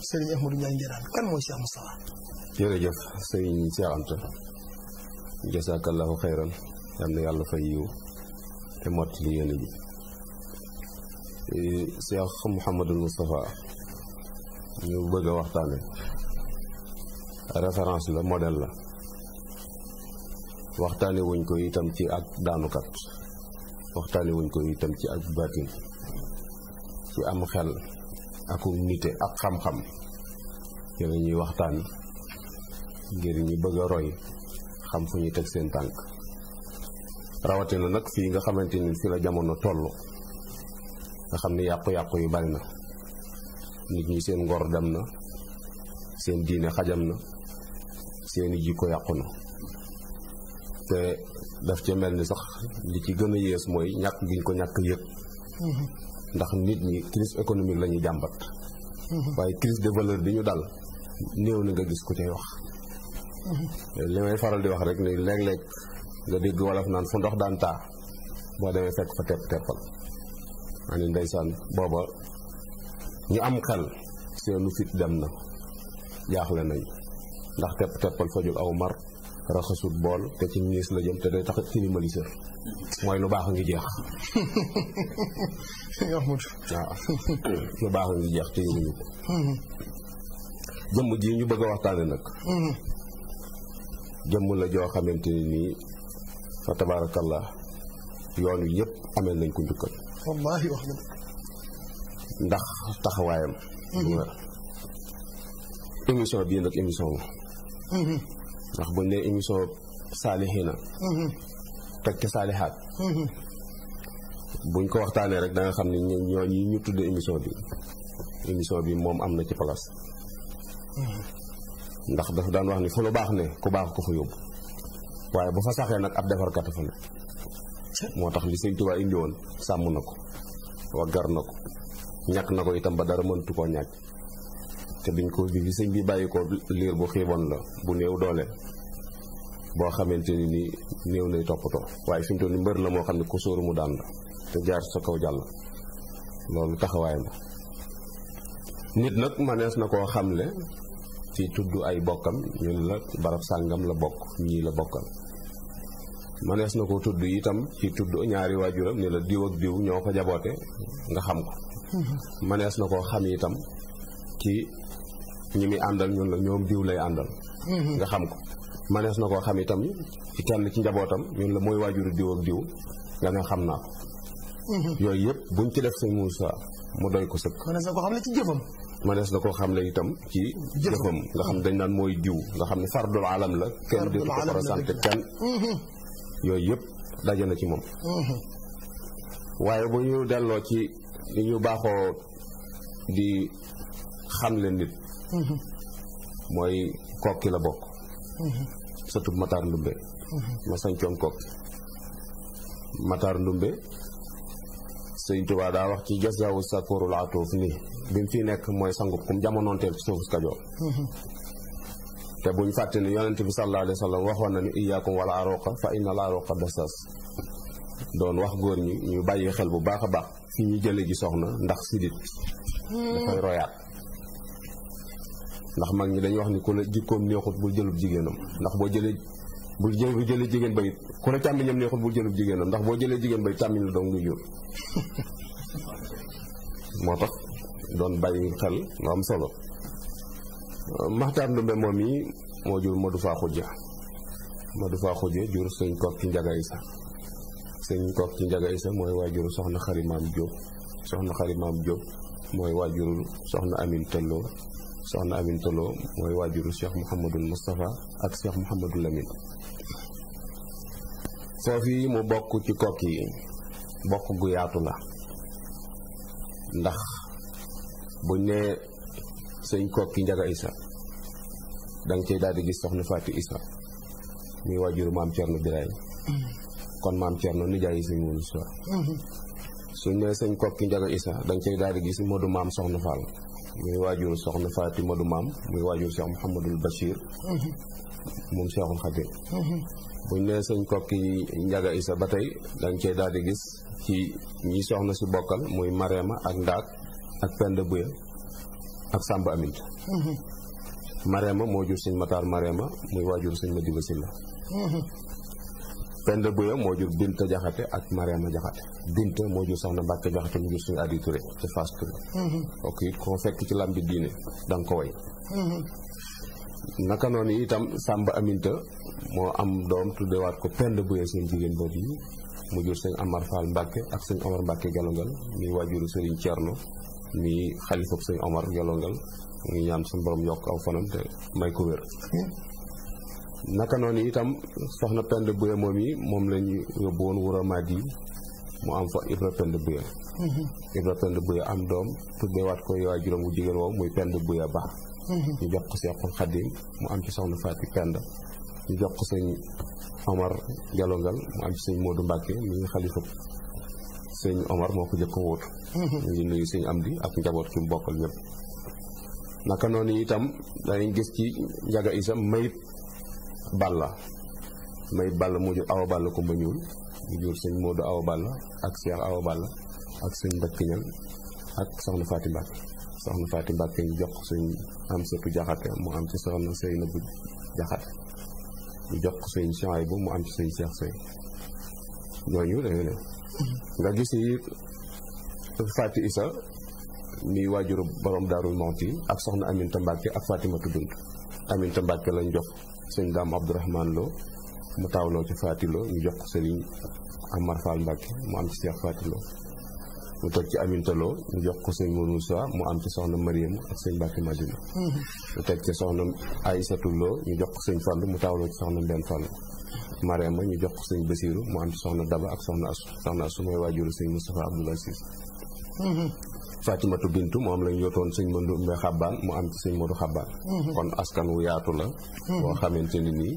Serigne Ahmadou Niang Nguirane kan mooy Cheikh Moustapha. jërëjëf Serigne Cheikh Anta jazakallahu xayran yal na yàlla fay yiw te mott li yéene ji eh, Cheikh ñu bëgg waxtaane référence la modèle la waxtaane wuñ ko itam ci ak daanukat waxtaane wuñ ko itam ci ak baatin ci am xel ak nite ak xam-xam yooyu ñuy waxtaan ngir ñu bëgg a roy xam fu ñu teg seen tànk rawatina nag fii nga xamante ni fi la jamono toll nga xam ne yàqu-yàqu yu bari na nit ñi seen ngor dem na seen diine xajam na seeni jikko yàqu na te daf ca mel ni sax li ci gën a mooy ñàkk giñ ko ñàkk yëg mm-hmm. ndax nit ñi crise économique la ñuy jàmbat waaye crise de bi ñu dal néew na nga gis ku cay wax li may faral di wax rek ni léeg-léeg nga dégg wolof naan fu ndox daan taa boo demee fekk fa tepp teppal maa ndeysaan booba ñu am xel seenu fit dem na jaaxle nañ ndax tepp teppal fajul aw mar raxasut bool te ci ngiis la jëm te day tax tilimali mooy lu baax a ngi jeex waaw lu baax a ngi jeex tilimuñu ko jëmm ji ñu bëgg a waxtaane nag mm-hmm. jëmm la joo xamante ni nii fa tabaarakallah yoon wi yëpp ameel nañ ko njukkal ndax taxawaayam mm-hmm. émission bii nag émission la mm-hmm. ndax buñ ne émission saalihiina mm-hmm. teg ci saalihaat mm-hmm. buñ ko waxtaanee rek danga xam ne ñoo yi ñu tudd émission bi émission bi moom am na ci place mm-hmm. ndax dafa daan wax ni fu lu baax ne ku baax ko fa yóbbu waaye bu fa saxee nag ab defarkat fa ne moo tax li sëñ Tuubaa indi woon sàmm na ko waggar na ko ñàkk na ko itam ba dara mëntu koo ñàkk te biñ ko bi sëñ bi bàyyi ko liir bu xiiboon la bu néew doole boo xamante ni ni néew nay toppatoo waaye fi mu ni mbër la moo xam ne ku sóoru mu daan la te jaar sa kaw jàll loolu taxawaayam la nit nag manees na koo xam xamle ci tudd ay bokkam ñu ne la barab sàngam la bokk ñii la bokkal manees na koo tudd itam ci tudd ñaari waajuram ne la diw ak diw ñoo ko jaboote nga xam ko mhm. manees na koo xam itam ci ñi muy àndal ñun la ñoom diw lay àndal mm-hmm. nga xam ko manees na koo xam itam ci kenn ci njabootam ñun la mooy waajuru diw ak diw nga nga xam naa ko mm-hmm. yooyu yëpp buñ ci def sëñ mu doy ko sëkk manees na na koo xam ne itam ci jëfam nga xam dañ naan mooy diw nga xam ne fardul alam la kenn di ko représenté kenn mm-hmm. ci moom waaye bu ñu delloo ci ñu baaxoo di xam le nit mooy kokki la bokk surtout Matar Ndumbe mhm. ma sañcoon kokki Matar Ndumbe sëñ Tuubaa daa wax ci jasaawu sakoorul atuuf ni bi mu fi nekk mooy sangub kum jamonoonteel ci suufus mhm. te buñ fàtte ni yonent bi sallallahu alayhi wa sallam waxoon na ni iyaakum wala aroqa fa inna la aroqa dasas doon wax góor ñi ñu bàyyi xel bu baax a baax fi ñu jële ji soxna ndax sidit mhm. dafay royaat ndax mag ñi dañuy wax ni ku la jikkoom neexut bul jëlub jigéenam ndax boo jëlee bul jëlee jigéen ba it ku la càmmiñam neexut bul jëlub jigéenam ndax boo jëlee jigéen ba it càmmiñ la doon muy jur moo tax doon bàyyi xel lu am solo Maxtaar Ndumbe moom yi moo jur Modou Faa Xujja Modou Faa Xujja jur sëñ kook ci njaga isa sëñ kook ci njaga isa mooy waajuru soxna xarimaam Jóob soxna xarimaam Jóob mooy waajuru soxna Amin Talloo soxna Amin Tolo mooy waajuru Cheikh Mouhamadul Moustapha ak Cheikh Mouhamadul Lamine foofu yi mu bokk ci kok yi bokk gu yaatu la ndax buñ ne sëñ kokki Njaga Isa danga cey daal di gis soxna Fatou Isa muy waajuru maam Cerno Biraay kon maam Cerno nijaay mm-hmm. yi sëñ Mourou Sow suñ ne sëñ kokki Njaga Isa danga cey daal di gis Modou maam soxna Fall muy waajur soxna Fatima du maam muy waajur Cheikh Mouhamadul Bachir moom Cheikhul Khadim buñ nee sëñ kokki njaga isa ba tey dañ cey daal di gis ci ñi soxna si bokkal muy Marema ak Ndaak ak Penda Buya ak Samba Amint Marema moo jur sëñ Matar Marema muy waajur sëñ Madiba Sylla Penda Boye moo jur Binta Jaxate ak Mariama Jaxate Binta moo jur Soxna Mbàkke Jaxate mu jur suñu Adi Touré ci Fass Touré mm-hmm. ok it ko fekk ci làmbi diine da ko way mm-hmm. naka noonu itam Samba Aminta moo am doom tuddewaat ko Penda Boye seen jigéen boobu yi mu jur sëñ Amar Fall Mbàkke ak sëñ Omar Mbàkke Gelongal muy waajuru Sëriñ Cerno muy xalifab sëñ Omar Gelongal mu ngi ñaan suñu borom yokk aw fanam te may ko wér mm-hmm. naka noonu itam soxna pend buye moom yi moom lañu yóbbu woon wuro Madi mu am fa Ibra pend buye mm-hmm. Ibra pend buye am doom tuddeewaat ko yow juróom bu jigéen woowu muy pend buye ba mm-hmm. ñu jox ko Seexul Xadim mu am ci ñu jox ko sëñ Omar Jalongal mu am ci sëñ Modou Mbacke mi ngi xalifa sëñ Omar moo ko jëkk a mm-hmm. ñu ngi nuyu sëñ Amdi ak njaboot ki mu bokkal naka noonu itam danañ gis ci njaga isam mayit Balla may Balla moo jur Awa Balla Kumba Ñuul mu jur sëñ Modou Awa Balla ak Cheikh Awa Balla ak sëñ Mbacke Ñal ak soxna Faati Mbacke soxna Faati Mbacke ñu jox sëñ am sëtu mu am ci soxna Seynabu Jaxate ñu jox ko sëñ Suhaybu mu am ci sëñ Cheikh Sey ñooñu dañu ne nga gis ni Faati Isa mi waajuru borom Daarul Mawti ak soxna Aminta Mbacke ak Fatimatu Bintu Aminta Mbacke lañ jox sëñ Dame Abdourahmane loo mu taawloo ci Fatilo ñu jox ko sëriñ Amar Fall Mbacke mu am ci Cheikh Fatilo mu teg ci Aminta Lo jox ko sëñ Mourou Moussa mu am ci soxna Mariam ak sëñ Mbacke Madina mu teg ci soxna Aïssatou Lo ñu jox ko sëñ Fall mu taawloo ci soxna Mbène Fall Mariama ñu jox ko sëñ Basiru mu am ci soxna Daba ak soxna Asu soxna Asu mooy waajuru sëñ Moustapha Abdoulaye Cissé Fatimatu Bintu moom lañ yotoon sëñ Mandu Umbe Xabbaan mu am ci sëñ Modu Xabbaan mm-hmm. kon askan wu yaatu la mm-hmm. boo xamante ni nii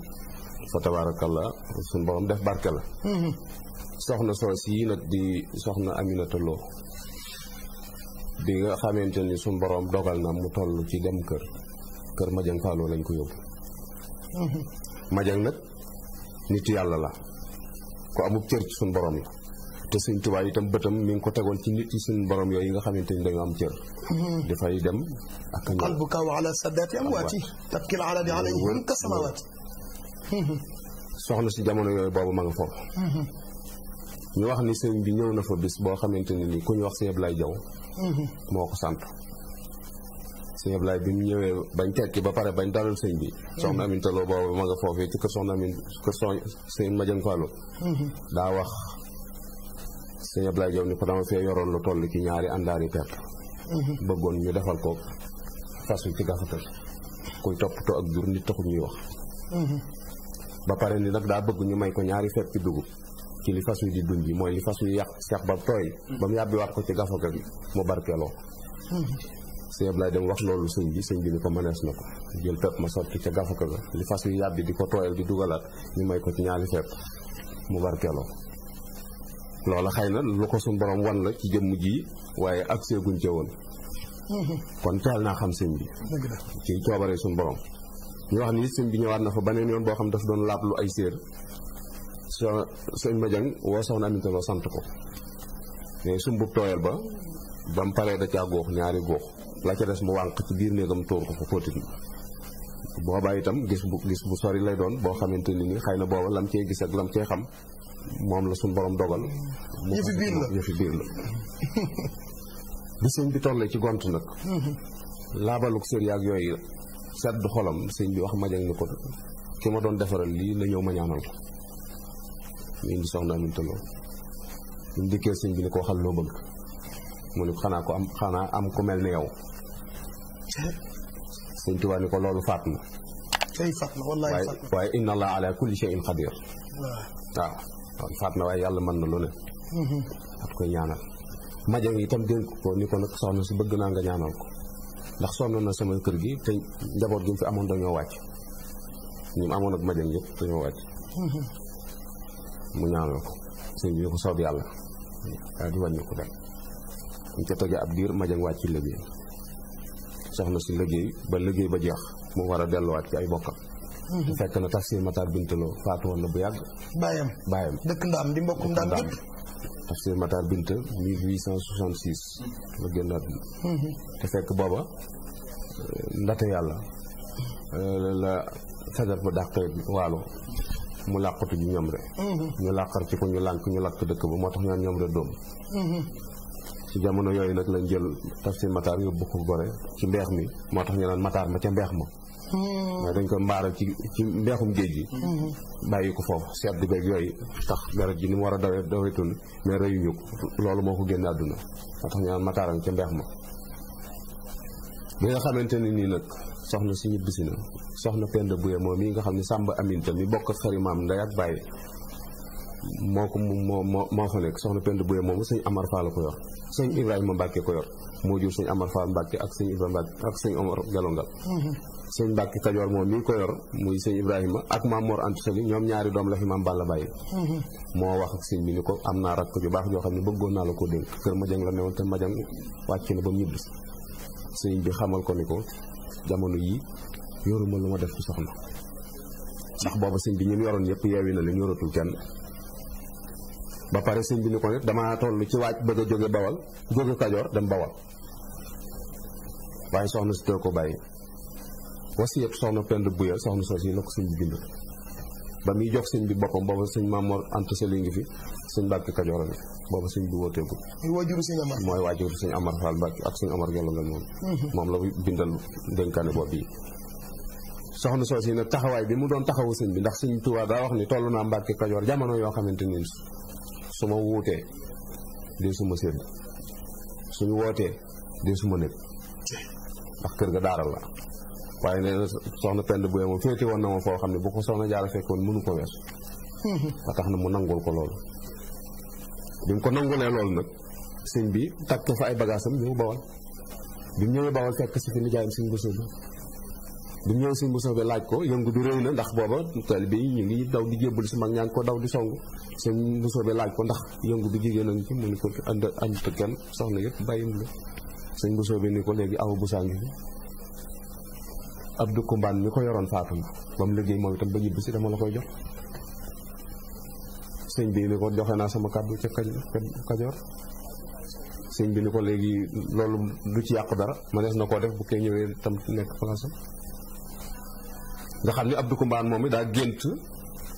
fa tabaarakalla suñ borom def barke mm-hmm. soxna soos yi nag di soxna Aminata bi nga xamante ni suñ borom dogal na mu toll ci dem kër kër Madiang Fallou lañ ko yóbbu Madiang nag nit yàlla la ku amub cër ci suñ borom la te sëñ yi tam bëtam mi ngi ko tegoon ci nit yi suñu borom yooyu nga xamante ni dañoo am cër mm-hmm. dafay dem ak qalbuka wa ala saddaati amwaati tabkil aladi alayhim ka samawaati mm-hmm. soxna si jamono yooyu boobu ma nga foofu mm-hmm. ñu wax ni sëñ bi ñëw na fa bis boo xamante ne ni ku ñu wax sëñ Ablaye Jaw moo ko sant sëñ Ablaye bi mu ñëwee bañ tekki ba pare bañ dalal sëñ bi soxna Aminta Lo ma nga foofee ci kër soxna Amin daa wax sëñ Ablaye Diaw ni ko dama fee yoroon lu toll ci ñaari àndaari pepp mhm. bëggoon ñu defal ko fasu ci gafatal kuy toppatoo ak jur nit taxul ñuy wax mhm. ba pare ni nag daa bëgg ñu may ko ñaari fepp dugub ci li fas wi di dund yi mooy li fas wi yàq seex ba tooy mhm. ba mu yàbbiwaat ko ci gafaga gi mu barkeeloo sëñ Ablaye dem wax loolu sëñ bi sëñ bi ni ko mënees na ko jël pepp ma sotti ca gafaga ga li fas wi yàbbi di ko tooyal di dugalaat ñu may ko ci ñaari fepp mu barkeeloo loola xëy na lu ko suñ borom wan la ci jëmm ji waaye ak seeguñ ca woon mm-hmm. kon teel naa xam sëñ bi ci coobare suñ borom ñu wax ni sëñ bi ñëwaat na fa beneen yoon boo xam daf doon laablu ay séer sëñ ma jang woo soxna Aminta Lo sant ko mais bu tooyal ba ba mu paree da caa góox ñaari góox la ca des mu wànq ci biir néegam tóor ko fa póotit boobaa itam gis bu gis bu sori lay doon boo xamante ni ni xëy na booba lam cee gis ak lam cee xam moom la suñ borom dogal. yëfi biir la yëfi biir la. bi sëñ ci gont nag. Mhm. laabalug sori ak yooyu sedd xolam sëñ bi wax Madiagne ni ko ki ma doon defaral lii la ñëw ma ñaanal ko. mu indi soxna Aminta mu dikkee sëñ bi ni ko waxal loo bëgg mu ne xanaa ko am xanaa am ku mel ne yow. sëñ Tuubaa ni ko loolu faat na. tey faat na wallaay faat waaye inna allah ala kulli shay'in qadir waaw. faat na waaye yàlla mën na lu ne mm-hmm. at koy ñaanal maja itam dénk ko ni ko nag soxna si bëgg naa nga ñaanal ko ndax sonn na sama kër gi te njaboot gi fi amoon dañoo wàcc ñi amoon ak maja yëpp dañoo wàcc mm-hmm. mu ñaanal ko sëñ bi ko soob yàlla daal di wàññi ko dem ñu ca toggee ab biir majang wàcc ci liggéey soxna si liggéey ba liggéey ba jeex mu war a delluwaat ci ay bokkam fekk na tax si Matar Bintaloo faatu woon na bu yàgg. bàyyam bàyyam dëkk Ndaam di mbokkum Ndaam yëpp. tax si Matar Binta 1866 la génn àdduna. te fekk booba eh, ndate yàlla eh, la sagar ba dàq waalo mu làqatu ji ñoom rek. ñu làqar ci ku ñu lànk ñu làkk dëkk ba moo tax ñaan ñoom rek doom. ci jamono yooyu nag lañ jël tafsir Matar yóbbu ko gore ci mbeex mi moo tax ñu naan Matar ma ca mbeex ma. mooy mm-hmm. dañ ko mbaara ci ci mbeexum géej gi mm-hmm. bàyyi ko foofu sedd beeg yooyu tax deret ji ni mu war a dawee dawetul mais reyuñu ko loolu moo ko génn àdduna moo tax ñu naan mataaran ca mbeex ma bi nga xamante ne nii nag soxna si ñibbisi na soxna Penda Buye moom yi nga xam ne Samba Aminta mi bokk fari maam ndey ak moo ko moo moo moo fa nekk soxna Penda Buye moomu sëñ Amar Fall ko yor sëñ Ibrahima Mbacke ko yor moo jur sëñ Amar Fall Mbacke ak sëñ Ibrahima Mbacke ak sëñ Omar Galongal mm-hmm. sëñ Mbàkke Kajoor moom mi ko yor muy sëñ Ibrahima ak maam Mor ñoom ñaari doom la fi maam Balla bàyyi moo wax sëñ bi ko am naa rakk ju baax joo xam ne bëggoon naa la koo dénk kër Madiang la newoon te Madiang wàcc na ba mu ñibbi bi xamal ko ni ko jamono yi yoruma lu ma def ci soxna ndax booba sëñ bi ñun yoroon yëpp yeewi na leen yoratul ba pare sëñ bi ni ko nit damaa toll ci waaj bëgg a jóge bawal jóge Kajoor dem bawal waaye soxna si tee ko bàyyi wasi yëpp soxna pend buya soxna soos yi la ko bi bind ba muy jox sëñ bi boppam booba suñ Maamoor Anta Sali ngi fi sëñ Mbàkke Kajoor ngi booba sëñ bi wóoteegul mooy waajuru sëñ Amar Fall ak sëñ Amar Gello nga moom moom la bindal dénkaane boobu yi soxna soos yi nag taxawaay bi mu doon taxawu sëñ bi ndax sëñ Tuubaa daa wax ni toll naa Mbàkke Kajoor jamono yoo xamante ni su ma wuutee dee suma sédd suñu wootee dee suma nekk ndax kër ga daaral la waaye nee na soxna pend bu ma féete woon na ma foo xam ne bu ko soxna jaara fekkoon mënu ko weesu ba tax na mu nangul ko loolu bi mu ko nangulee loolu nag sëñ bi takk fa ay bagaasam ñëw bawal bi mu ñëwee bawal fekk si fi nijaayam sëñ Bousso bi bi mu laaj ko yëngu du réy ndax booba teel bi ñu ngi daw di jébbal si mag ñaa ngi daw di song sëñ Bousso bi laaj ko ndax yëngu bi jigéen a ngi ko ànd ànd kenn soxna yëpp bàyyim la sëñ Bousso bi ni ko léegi aw busaa ngi fi Abdou Kumbaan mi ko yoroon faatuñ ba mu liggéey moom itam ba ñibbi dama la koy jox sëñ bi ni ko joxe naa sama kàddu ca Kajoor sëñ bi ni ko léegi loolu du ci yàq dara ma des na koo def bu kee ñëwee tam nekk place nga xam ni Abdou Kumbaan moom it daa gént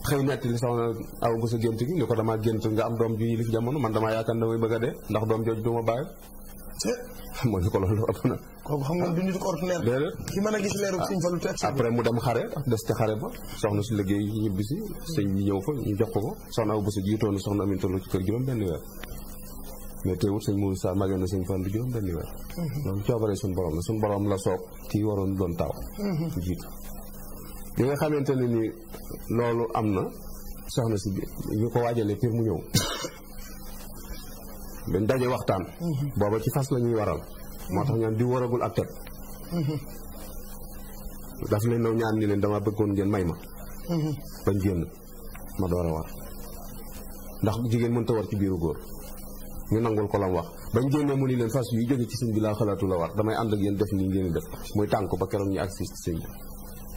xëy netti li soxna aw bu sa gént gi ni ko damaa gént nga am doom ju yilif jamono man damaa yaakaar damay bëgg a dee ndax doom jooju du bàyyi mooy ko loolu ëpp na. kooku xam nga du nit ko ordinaire. déedéet ki mën a gis leeru ah, sëñ Fallu te après mu dem xare des ca xare ba soxna si liggéey ñibbi si sëñ fa ñu jox ko ko soxna Awa Bousso soxna Amin toll kër juróom benn weer mais teewut sëñ Moussa saa magee na sëñ Fallu juróom benn weer mhm. coobaree suñu borom la suñu borom la soog kii waroon doon taw mhm. jiitu li nga xamante ne ni loolu am na soxna si bi ñu ko waajalee pir mu ñëw benn daje waxtaan mhm. booba ci fas la ñuy waral moo tax ñaan di waragul ak teg mhm. daf leen naw ñaan ni leen dama bëggoon ngeen may ma mhm. bañ génn ma door a war ndax jigéen mënta war ci biiru góor ñu nangul ko lam wax bañ génnee mu ni leen fas yuy jóge ci sëñ bi laa xalaatu la war damay ànd ak yéen def nii ngeen def muy tànk ba keroog ñu agsi ci sëñ bi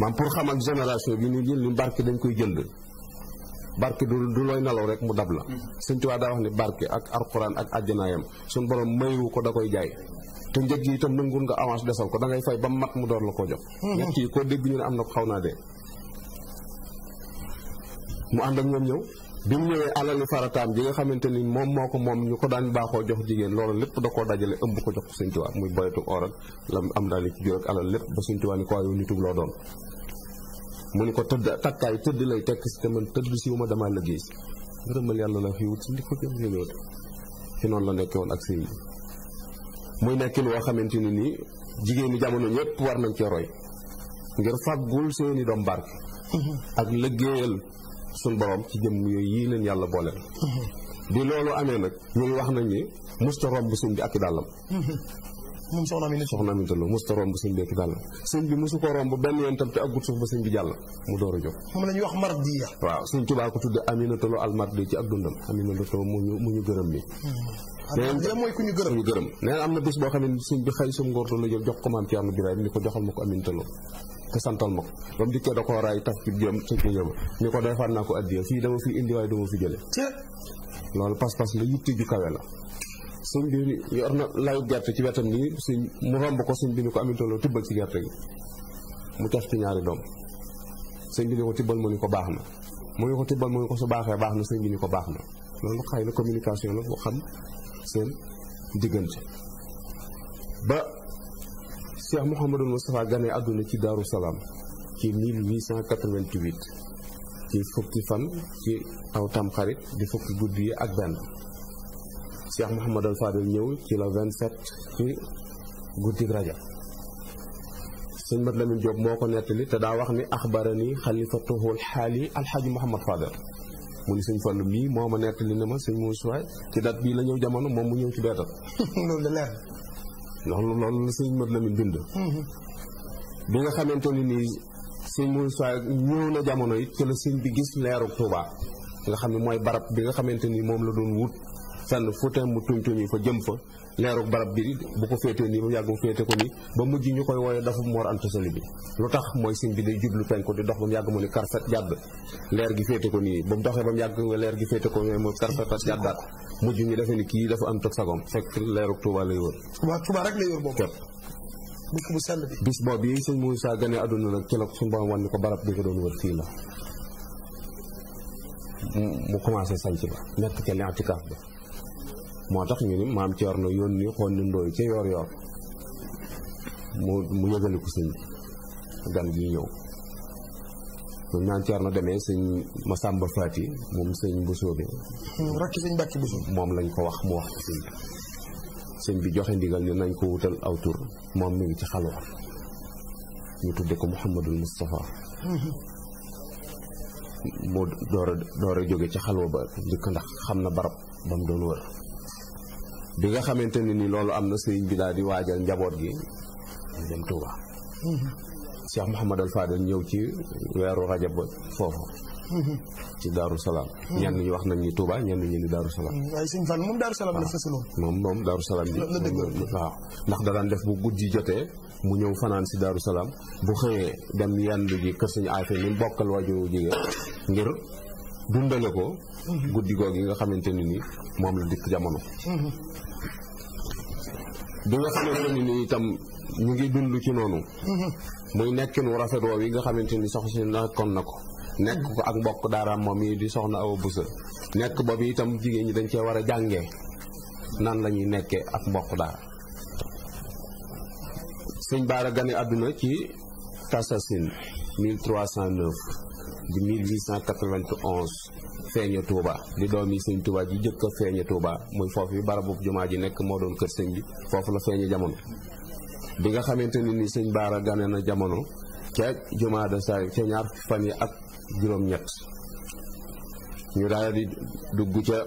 maam pour xam ak génération bi ni yéen barke dañ koy jënd barke du du looy nelaw rek mu dab la mm-hmm. sëñ Tuubaa daa wax ni barke ak alxuraan ak àjjanaayam suñ borom mayu ko da koy jaay te njëg gi itam nanguwul nga avance desal ko dangay ngay fay ba mat mu doon la koo jox mm-hmm. ñett koo dégg ñu ne am na ko xaw naa dee mu ànd ak ñoom ñëw bi mu ñëwee alalu farataam ji nga xamante ni moom moo ko moom ñu ko daan baaxoo jox jigéen loolu lépp da ko dajale ëmb ko jox ko Sëñ Tuubaa muy boyatu or ak la am daal ci jur ak alal lépp ba Sëñ Tuubaa ni ko waaye nitug loo doon mu ne ko tëdd takkaay tëdd lay tekk si te man tëdd si wu ma damaa liggéey si ngërëmal yàlla la fi wut si li ko gën yëngoot ci noonu la nekkee woon ak sëy bi muy nekk loo xamante ni nii jigéen ñi jamono ñëpp war nañ cee roy ngir fàggul seeni doom barke mm-hmm. ak liggéeyal suñ borom ci jëm yooyu yii leen yàlla boole mm-hmm. bi loolu amee nag ñun wax nañ ni musta romb suñ bi ak i dàllam mm-hmm. moom soxna mi ne soxna mi te loo mos ta romb sëñ bi ki dàll sëñ bi mosu ko romb benn yoon tam te aggut suuf ba sëñ bi jàll mu door a jóg moom la ñuy wax waaw sëñ Tuubaa ko tudde Aminata Lo almardi ak dundam Aminata Lo mu ñu mu ñu gërëm li am hmm. mooy ñu gërëm ñu na am na bés boo xam ne sëñ bi xëy sum ngóorto la jël jox ko maam Thierno ko joxal ma ko Aminata Lo te santal ma ko koo raay taf ci jëm sa jëm ni ko doy faan naa ko addiya fii dama fi indi waaye dama fi jële loolu pas-pas la yitte ju kawe la sëñ bi yor na layu gerte ci wetam nii sëñ mu romb ko sëñ bi ni ko amintoloo tibbal ci gerte gi mu taf ci ñaari doom sëñ bi ni ko tibbal mu ni ko baax na mu ni ko tibbal mu ni ko su baaxee baax na sëñ bi ni ko baax na loolu xëy na communication la bu xam seen diggante ba Cheikh Mouhamadul Moustapha gane àdduna ci Daaru Salaam ci 1888 ci fukki fan ci aw tamxarit di fukki guddi yi ak benn Cheikh Mouhamadou Fadel ñëw ci la 27 ci guddi rajab sëñ Mat Lamin Jóob moo ko nettali te daa wax ni axbarani xalifatuhul xaali alxaaji Mouhamad Fadel mu ni sëñ Fallu mii moo ma nettali ne ma sëñ Muusaa ci date bi la ñëw jamono moom mu ñëw ci beetal loolu leer ndax loolu la sëñ Mat Lamin bind mm-hmm. bi nga xamante ni nii sëñ Muusaa ñëw na jamono it ci la sëñ bi gis leeru Tuubaa nga xam ne mooy barab bi nga xamante ni moom la doon wut fenn fu tem mu tuñ tuñ yi fa jëm fa leerug barab bi bu ko féetee nii ba yàgg mu féete ko nii ba mujj ñu koy wooyee dafa Mor Anta Sali bi lu tax mooy sëñ bi day jublu penku di dox ba mu yàgg mu ni karfet jàdd leer gi féete ko nii ba mu doxee ba mu yàgg leer gi ko nii mooy karfetat jàddaat mujj ñu defee ni kii dafa am tog sagom fekk leerug Touba lay wër Touba rek bis bi bis boobu yi sëñ Moussa gane àdduna nag ci la suñu borom wan ni ko barab bi ko doon wër fii la mu commencé sanc ba nekk ca li'tikaaf ba moo tax ñu ni maam Cerno yónni xool ni ndooy ca yoor yoor mu mu yëgale ko sëñ gan gi ñëw mu maam Cerno demee sëñ Masamba Faati moom sëñ Bousso bi hmm, rakki sëñ Mbàkke Bousso moom lañ ko wax mu wax sëñ bi sëñ bi joxe ndigal ni nañ ko wutal aw tur moom mi ngi ci xalwa ñu tudde ko Muhammadul Mustafa hmm. mu door a door a jóge ci xalwa ba njëkk ndax xam na barab ba mu doon wër bi nga xamante ne ni loolu am na sëriñ bi daal di waajal njaboot gi ñu dem Touba. Mhm. Cheikh Mouhamad Al Fadel ñëw ci weeru rajab foofu. Mhm. ci Daaru Salaam. Mhm. ñenn ñi wax nañ tuubaa Touba ñenn ñi ni Daaru Salaam. waaye sëñ Fall moom Daaru Salaam la moom moom Daaru ndax da daan def bu guddi jotee mu ñëw fanaan si Daaru Salaam bu xëyee dem yendu ji kër sëñ Afia ñu bokkal waajur jigéen ngir. dundale ko mhm. guddi yi nga xamante ne ni moom la dikk jamono mhm. bi nga xamante ni itam ñu ngi dund ci noonu mhm. muy nekkinu rafet woow yi nga xamante ni sox si nekkoon na ko nekk ko ak mbokk daaraam moom yi di na aw Busa nekk yi itam jigéen ñi dañ cee war a jàngee nan la ñuy nekkee ak mbokk daara sëñ Baara gane àdduna ci Kasasine 1309 di 1891 feeña Touba di doomi sëñ Touba ji jëkk a feeña Touba muy foofu yi barabu jumaa ji nekk moo doon kër sëñ bi foofu la feeña jamono bi nga xamante ne ni sëñ Baara gane na jamono ca jumaa de sa ca ñaar fan yi ak juróom-ñett di dugg ca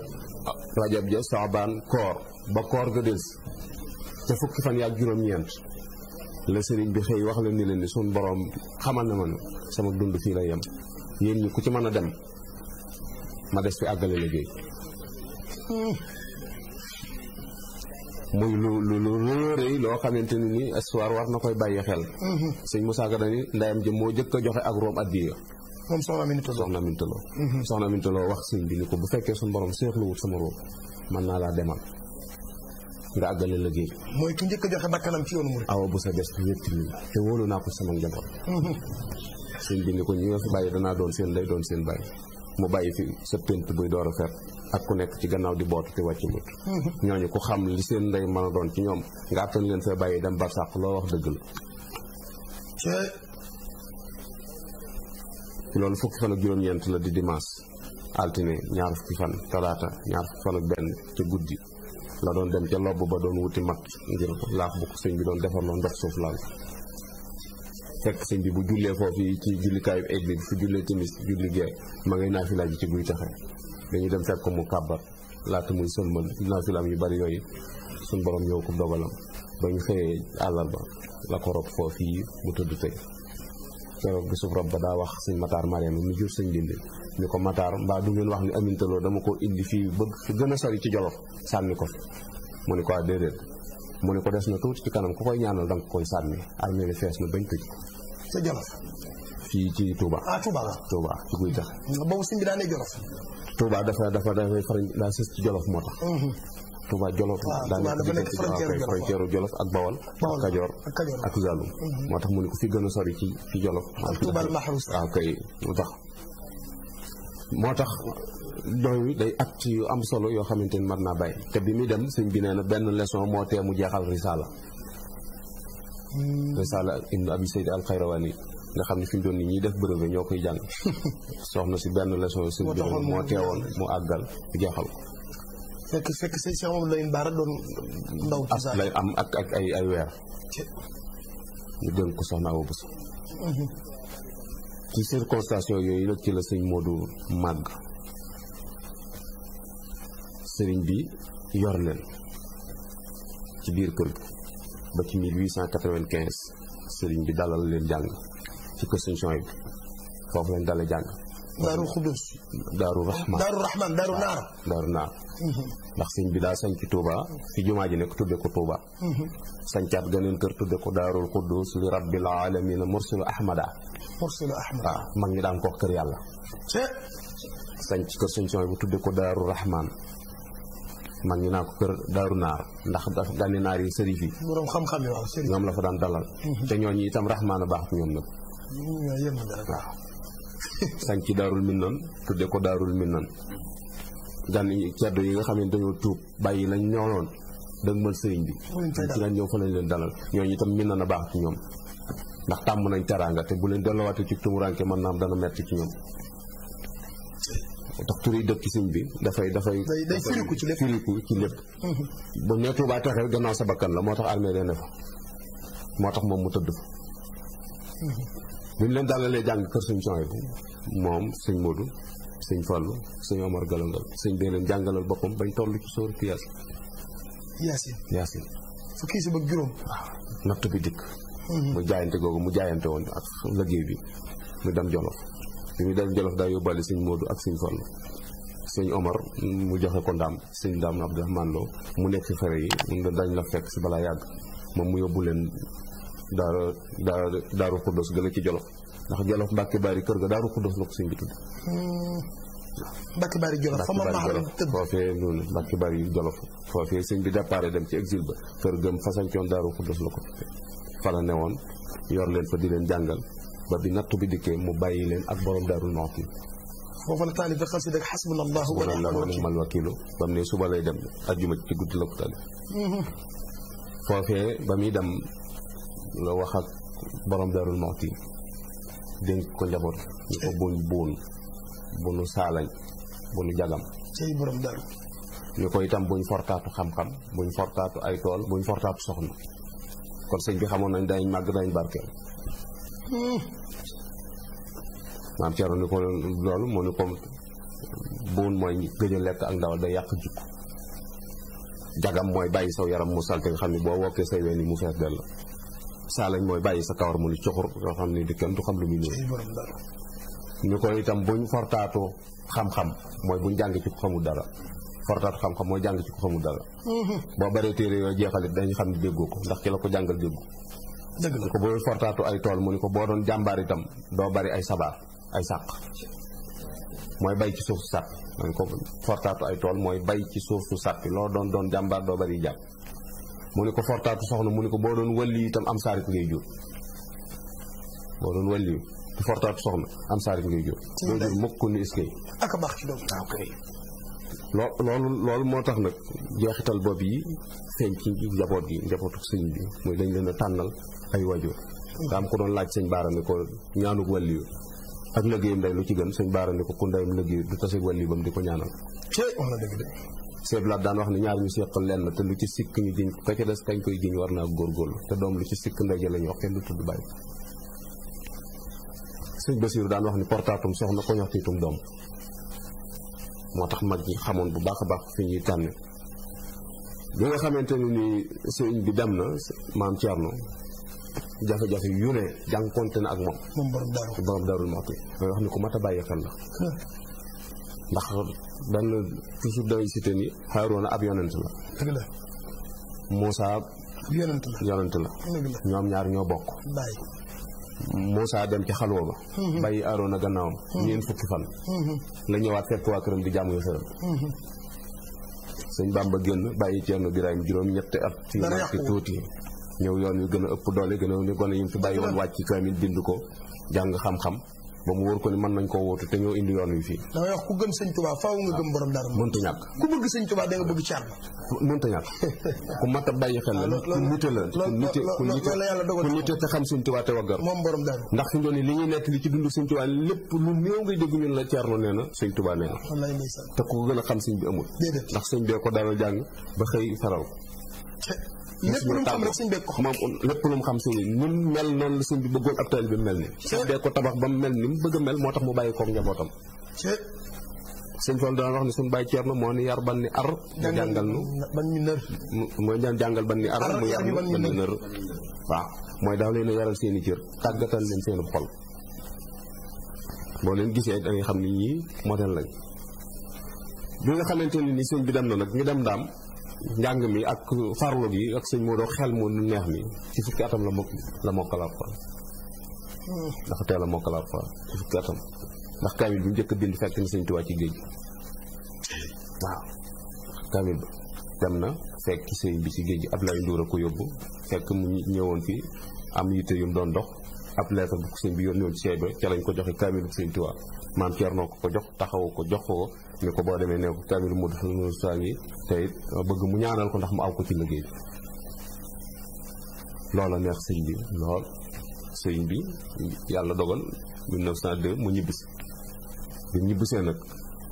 rajab ba koor ga fukki fan yi ak juróom la sëriñ bi xëy wax la ni leen ni suñ boroom xamal na ma sama dund fii la yem yéen ñi ku ci mën a dem ma des fi àggale liggéey muy lu lu lu rëy loo xamante ne ni histoire war na koy bàyyi xel. Mhm. sëñ Moussa Gana ni ndeyam ji moo jëkk a joxe ak room addiya moom soxna Aminata Lo soxna Aminata Lo. Mhm. soxna Aminata Lo wax sëñ bi ni ko bu fekkee suñu borom seexlu wut sama room mën naa laa demal nga àggale liggéey. mooy ki njëkk a joxe bakkanam ci yoonu Mouride. awa bu sa des wéttali te wóolu naa ko sama njaboot. Mhm. sëñ bi ko ñi fi bàyyi danaa doon seen ndey doon seen bàyyi mu bàyyi fi sa pént buy door a fer ak ku nekk ci gannaaw di bootu te wàcc mut mhm. ñooñu ku xam li seen ndey mën doon ci ñoom nga leen fee bàyyi dem barsàq loo wax dëgg la loolu fukki fan ak juróom-ñeent la di dimanche altine ñaar fukki fan talaata ñaar fukki fan ak benn te guddi la doon dem ca lobb ba doon wuti mat ngir laax bu ko sëñ bi doon defar loon ndox suuf laal fekk sëñ bi bu jullee foofu ci jullikaayu eeg bi fu jullee timis julli gee ma ngay naafila ji ci guy taxee dañuy dem fekk ko mu kàbbar laata muy sëlmal naafilaam yu bari yooyu suñ borom yow ko dogalam ba ñu xëyee àllarba la ko rob foofu yi mu tëdd tey keroog gisub rob ba daa wax sëñ Matar Mariama mu jur sëñ Ndindi ñu ko Matar mbaa du ngeen wax ni amintaloo dama ko indi fii bëgg fi gën a sori ci Jolof sànni ko fi mu ne ko ah, déedéet mu ne ko kanam ku koy ñaanal danga koy sànni armée li fees na ca Jolof. fii ci Touba. ah Touba la. Touba ci guy tax. boobu daa ne Jolof. dafa dafa dafay faral daa sës Jolof moo tax. Mhm. Touba Jolof daa nekk frontière Jolof ak Bawol ak Kajoor ak Saloum mhm. moo tax mu ne ko fi gën a sori ci ci Jolof Tuubal Maxrus waaw ah, kay moo tax moo tax doy wi day at yu am solo yoo xamante ni mat naa bàyyi te bi muy dem sëñ bi nee na benn leçon moo tee mu jeexal risaala Risaala Ibn Abi Sayyid nga xam ne fi mu doon nii ñuy def brevet ñoo koy jàng soxna si benn leçon si biir moo teewoon mu àggal jeexal ko fekk am ak ak ko soxna Awa mhm. yooyu ci la sëñ Moodu bi yor leen biir kër ba ci 1895 sëriñ bi dalal leen jàng ci ko sëñ Suwayb bi foofu lañ dala jàng daaru xudus daaru rahman daaru naar mhm. ndax sëñ bi daa sañc Touba fi jumaa ji nekk tudde ko Touba mhm. sañcaat geneen kër tuddee ko daarul xudus li rabbil alamina mursilu ahmada mursilu ahmada waaw mag ñi daan ko kër yàlla sañc kër sëñ Suwayb bu tudde ko daaru rahman man ñi naa ko kër daaru naar ndax dafa gànne naar yi sëriñ fi borom xam-xam yi ñoom la fa daan dalal mhm. te ñooñu itam raxmaana baax ci ñoom nag waaw sañ ci daarul min nan tudde ko daarul min nan gan ceddo yi nga xam ne dañoo tuub bàyyi lañ ñooloon dëgg mën sëriñ bi lañ ñëw dalal ñooñu itam min nan a baax ci ñoom ndax tàmm nañ teraanga te bu leen delloowaatee ci tumuraanke mën naam dana metti ci ñoom ndax tur yi dëkk ci sëñ bi dafay dafay. day day firiku ci lépp firiku ci lépp. bu ne gannaaw sa bakkan la moo tax armée de ne fa moo tax moom mu tëdd fa. Mhm. bi mu leen dalalee jàng kër sëñ Suhaybu moom suñu Modou sëñ Fallou sëñ Omar Galangal sëñ bee leen jàngalal boppam bañ toll ci sóoratu Yaasin. Yaasin Yaasin. fukki si ba juróom. natt bi dikk. Mhm. mu jaayante googu mu jaayante woon ak liggéey bi mu dem Jolof. bi muy dem Jolof daa yóbbaale sëñ Modou ak sëñ Fall sëñ Omar mu joxe ko ndaam sëñ ndaam Abdourahmane Lo mu nekk ci fere yi dañ la fekk si balaa yàgg moom mu yóbbu leen daara daara daaru xuddos gën a ci Jolof ndax Jolof Mbàkke Bari kër ga daaru xuddos la ko sëñ bi tudd hmm. Mbàkke Bari Jolof fa ma tëdd foofee noonu Mbàkke Bari Jolof foofee sëñ bi départ dem ci exil ba kër gëm fasancoon daaru xuddos la ko fa ne newoon yor leen fa di leen jàngal ba bi nattu bi dikkee mu bàyyi leen ak borom daaru noot yi foofa la taalif xasida xasbuna allahu wa ni'mal wakiilu ba mu ne suba lay dem ajjuma ci guddi la ko taalif mm-hmm. foofee ba muy dem la wax ak borom daaru noot dénk ko njaboot ñu ko buñ buun bunu saalañ bunu jagam cay borom daaru ñu ko itam buñ fortaatu xam-xam buñ fortaatu ay tool buñ fortaatu soxna kon sëñ bi xamoon nañ dañ màgg dañ barkeel maam Thierno ni ko loolu moo ni ko buun mooy gëj lekk ak ndawal day yàq jikko jagam mooy bàyyi saw yaram mu salte nga xam ne boo wokkee say ween yi mu fees dell saalañ mooy bàyyi sa kawar mu ni coxur yoo xam ne di kenn xam lu muy néew ñu ko buñ fortaatu xam-xam mooy buñ jàng ci ko xamul dara fortaatu xam-xam mooy jàng ci ko xamul dara uhuh. boo baree téere yooyu jeexalit dañu xam ne déggoo ko ndax ki la ko jàngal déggu dëgg ko booy fortaatu ay tool mu ni ko boo doon jàmbaar itam doo bari ay sabaar ay sàq mooy bay ci suuf su sàppi ko fortaatu ay tool mooy bay ci suuf su sàppi loo doon doon jàmbaar doo bari jàpp mu ni ko fortaatu soxna mu ni ko boo doon wëlli itam am saari ko ngay jur boo doon wëlli te fortaatu soxna doo jur mukk ni iskay ah, loolu loolu moo tax nag jeexital boobu yi feeñ ci njaboot gi njabootu sëñ bi muy dañ leen a tànnal ay wajur nga am ko doon laaj sëñ baara ni ko ñaanug wàlliyu ak liggéeyam day lu ci gën sëñ baara ni ko ku ndeyam liggéeyu du taseg wàlliyu bam di ko ñaanal seeblaat daan wax ne ñaar ñu seqal lenn te lu ci sikk ñu jiñ ka ca des kañ koy jiñ war naa góorgóorlu te doom lu ci sikk ndaje la ñu wax kenn du tudd bàyyi sëñ Basiiru daan wax ni portaatum soxna ko ñaxtiitum doom moo tax mag ñi xamoon bu baax a baax fi ñuy tànne bi nga xamante ne ni sëñ bi dem jafe-jafe yu ne jànkonte na ak moom. moom borom daaru borom wax ni ku mat a bàyyi xel la. ndax benn toujours damay cité ni Haaruna ab yonent la. dëgg yonent la ñoom ñaar ñoo bokk. Moussa dem ci xalwa ba bàyyi Haaruna gannaawam. ñeent fukki fan. la ñëwaat fekk waa këram di jaamu yoo sëram. sëñ Bamba génn bàyyi Thierno Birahim juróom ñetti at. ci tuuti. ñëw yoon wi gën a ëpp doole gën a ne gone yi mu fi bàyyi woon wàcc kaamil bind ko jàng xam-xam ba mu wóor ko ni mën nañ koo wóotu te ñoo indi yoon wi fii damay wax ku gën sëñ Tuubaa faaw nga gëm borom dara mënta ñàkk ku bëgg sëñ Tuubaa da nga a bàyyi xel la ah, ku nite la ku te xam sëñ Tuubaa te waggar moom borom dara ndax fi doon li ñuy nekk ci dund sëñ Tuubaa lépp lu néew ngay dégg ñun la caarlo nee na sëñ Tuubaa nee na te ku gën a xam sëñ bi amul ndax sëñ bee ko daanal jàng ba xëy faral lépp lu mu xam rek moom lépp lu mu xam suñu ni mu mel noonu la suñ bi bëggoon ab taalibe bi mel ni suñ bee ko tabax ba mu mel ni mu bëgg a mel moo tax mu bàyyi kook njabootam sëñ Fall daan wax ne suñu bàyyi moo ni yar ban ni ar mu jàngal nu ban ni jàngal ban ni ar mooy daaw leen a yaral seen i cër tàggatal leen seen xol boo leen gisee da ngay xam ni ñii modèle lañ bi nga xamante ni sëñ bi dem na nag ñu dem ndaam njàng mi ak farlo gi ak sëñ Modou xel moo nu neex mi ci fukki atam la mokk la mokkal Alxuraan dafa teel a mokkal Alxuraan ci fukki atam ndax kaamil bi njëkk a bind fekk na sëñ Tuubaa ci géej waaw kaamil ba dem na fekk sëñ bi ci géej gi Ablaye Ndour a ko yóbbu fekk mu ñëwoon fii am yitte yu doon dox ab lettre bu ko sëñ bi yoon woon ci seey ca lañ ko joxe kaamil bu sëñ Tuubaa maam Thierno ko ko jox taxawu ko jox ko ni ko boo demee ne kaamilu mu mu saa te it bëgg mu ñaanal ko ndax mu aw ko ci liggéey loola neex sëñ bi lool sëñ bi yàlla dogal 1902 mu ñibbisi bi ñibbisee nag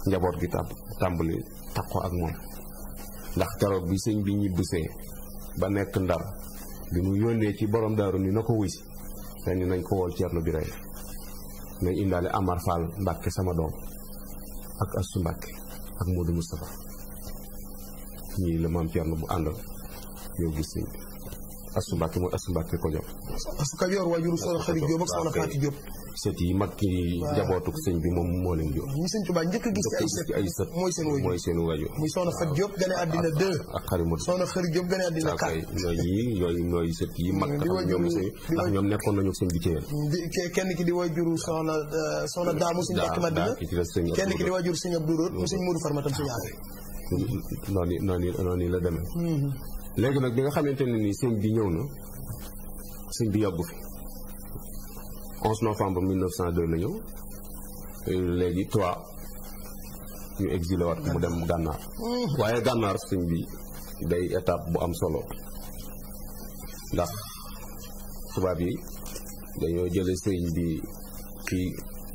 njaboot gi tàmb tàmbali takko ak moom ndax keroog bi sëñ bi ñibbisee ba nekk ndar bi mu yónnee ci borom daaru ni na ko wuy si dañ nañ ko wool bi Birahim nañ indaale Amar Fall Mbàkke sama doom ak Astu Mbàkke ak Modou Moustapha ñii la maam Thierno bu àndal yóbbu sëy bi Astu Mbàkke mooy Astu Mbàkke ko jox. Astu Kajoor waajuru soxna Xarit Jóob ak soxna Faati Jóob sët yi mag ki njabootug sëñ bi moom moo leen jur ñi sëñ Tuubaa njëkk gis ci ay sët mooy seen wajur mooy seen wajur muy soxna Fat Diop gane àddina deux ak yi mag ñoom sëñ nekkoon nañu sëñ bi téyel kenn ki di wajuru soxna euh, soxna daamu sëñ Mbàkke Madina kenn ki di wajur sëñ Abdou Root mu sëñ Moodu Farmatam sëñ Afe noonu noonu noonu la demee mm-hmm. léegi nag bi nga xamante ni sëñ bi ñëw na sëñ bi yàggu fi 11 novembre 1902 la ñëw léegi 3 ñu exilé mu dem gànnaar mm-hmm. waaye gànnaar sëñ bi day étape bu am solo ndax tubaab yi dañoo jële sëriñ bi ci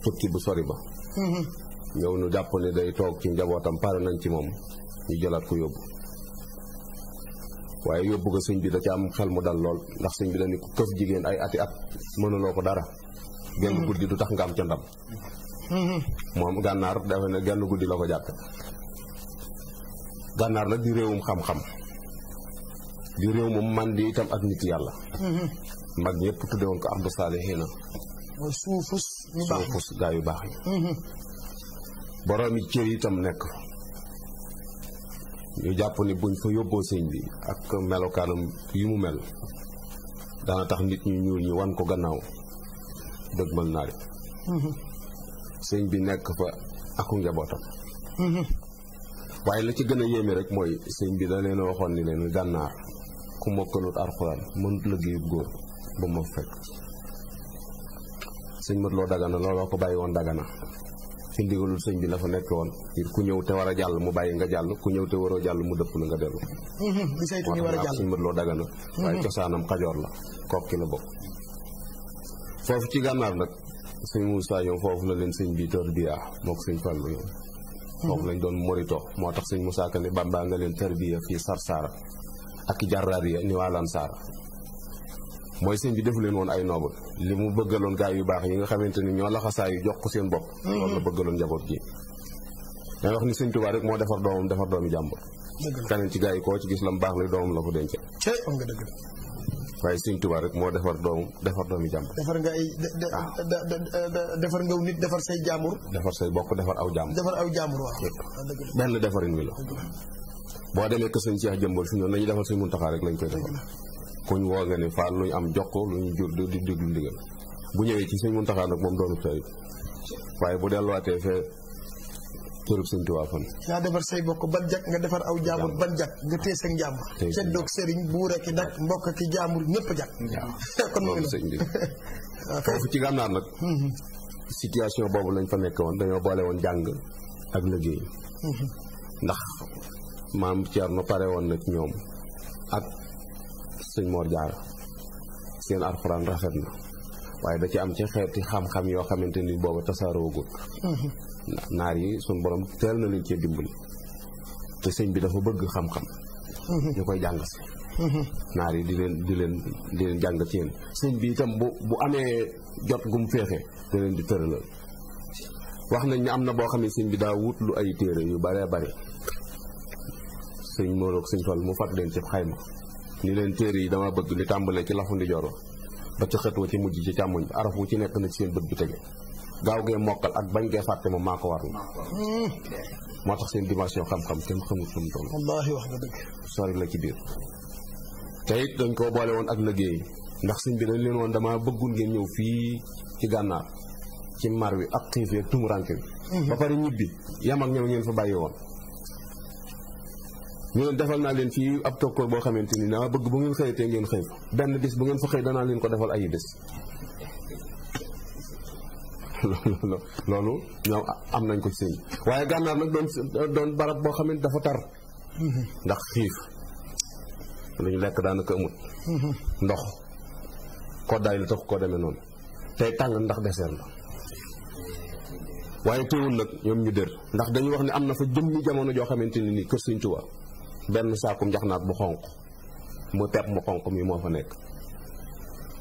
tukki bu sori ba mm-hmm. ñëw ñu jàpp ne day toog ci njabootam pare nañ ci moom ñu jëlaat ko yóbbu waaye yóbbu ko sëñ bi da ci am xel mu dal lool ndax sëñ bi dañu ko këf jigéen ay ati at mënuloo ko dara genn guddi du tax nga am ca ndam moom gànnaar dafa ne genn guddi la ko jàppe gànnaar nag di réewum xam-xam di réew moom man di itam ak nit yàlla mag ñëpp tudde ko am bu saalihiina mooy gaa yu baax yi boroomi cër itam nekk ñu jàpp ni buñ fa yóbboo sëñ bi ak melokaanam yi mu mel dana tax nit ñu ñuul ñi wan ko gannaaw dëgmal naari mhm. sëñ bi nekk fa aku njabootam mhm. waaye la ci gën a yéeme rek mooy sëñ bi la leen waxoon ni leen gànnaar ku mokkalut alxuraan mënut liggéeyub góor ba ma fekk sëñ mat loo dagana looloo ko bàyyi woon dagana ci sëñ bi la fa nekk woon ku ñëw te war a jàll mu bàyyi nga jàll ku ñëw te waroo jàll mu dëpp la nga dellu mhm. moo tax sëñ mat loo dagana waaye cosaanam kajoor la kokki la bokk foofu ci gànnaar nag sëñ Moussa ñoom foofu la leen sëñ bi tarbiya mook sëñ Fallu ñoom foofu lañ doon morito moo tax sëñ Moussa Ka ne Bamba nga leen tarbiya fii Sarsara ak jarraariya ni waa Lansaar mooy sëñ bi defu leen woon ay noobu li mu bëggaloon gaay yu baax yi nga xamante ni ñoo laxasaa yu jox seen bopp mm. loolu la bëggaloon njaboot ji day wax ni sëñ Tuubaa rek moo defar doomam defar doomi jàmbur keneen ci gaay yi koo ci gis lam baax lay doomam la ko denc waaye sëñ Tuubaa rek moo defar doomu defar doomi jàmbur. defar nga ay ah. defar nga nit defar say jàmbur. defar say bokk defar aw jàmbur. defar aw jàmbur waaw. Ah, benn defarin wi la. boo demee que sëñ Cheikh jëmbal fi noonu nañu defal sëñ Muntaxaa rek lañ koy defal. kuñ woo nga ne faal lu ñu am jox ko lu ñu jur di déglu ndigal bu ñëwee ci sëñ Muntaxaa nag moom doonu tey waaye bu delluwaatee fee tërub sëñ Tuubaa fan yaa defar say bokk ban jak nga defar aw jaambur ban jak nga tee sa njàmbur seen doog sëriñ buur ak mbokk ak jaambur ñëpp jak kon mu foofu ci gànnaar nag mhm. situation boobu lañ fa nekk woon dañoo boole woon jàng ak liggéey mhm. ndax maam Thierno pare woon nag ñoom ak sëñ Mor Jaara seen alxuraan rafet na waaye da ci am ci xeeti xam-xam yoo xamante ni booba tasaaroo gut mhm. naar yi suñu borom teel na leen cee dimbali te sëñ bi dafa bëgg xam-xam mhm. ñu koy jàng si mhm. naar yi di leen di leen di leen jàng ci sëñ bi itam bu bu amee jot gu mu féexee da leen di tëralal wax nañ ni am na boo xam ne sëñ bi daa wut lu ay téere yu baree bare sëñ Moroog sëñ Fall mu fat leen ci xayma ni leen téere yi dama bëgg li tàmbalee ci lafu ndijoor ba ci xët ci mujj ci càmmoñ bi araf wu ci nekk na ci seen bët bi tege gaaw gee mokkal ak bañ gee fàtte moom maa ko war na hmm. moo tax seen dimension xam-xam kenn xamul fu mu toll wax na dëgg sori la ci biir tey dañ koo boole woon ak liggéey ndax sëñ bi dañ leen woon dama bëggul ngeen ñëw fii ci gànnaar ci mar wi ak xiif yeeg tumuranke bi hmm. ba pare ñibbi yam ak ñoom ngeen fa bàyyi woon ñu leen defal naa leen fii ab tokkoor boo xamante ni dama bëgg bu ngeen xëyatee ngeen xëy benn bis bu ngeen fa xëy danaa leen ko defal ayu bés loolu ñoom am nañ ko seen waaye gànnaar nag doon doon barab boo xam ne dafa tar ndax xiif lu lekk daanaka amut ndox koddaay la tax koo deme noonu tey tàng ndax deseer la waaye teewul nag ñoom ñu dër ndax dañu wax ni am na fa jëmmi jamono joo xamante ne nii kër Sëñ Tuubaa benn saakum njaxnaat bu xonq mu pepp mu xonq mi moo fa nekk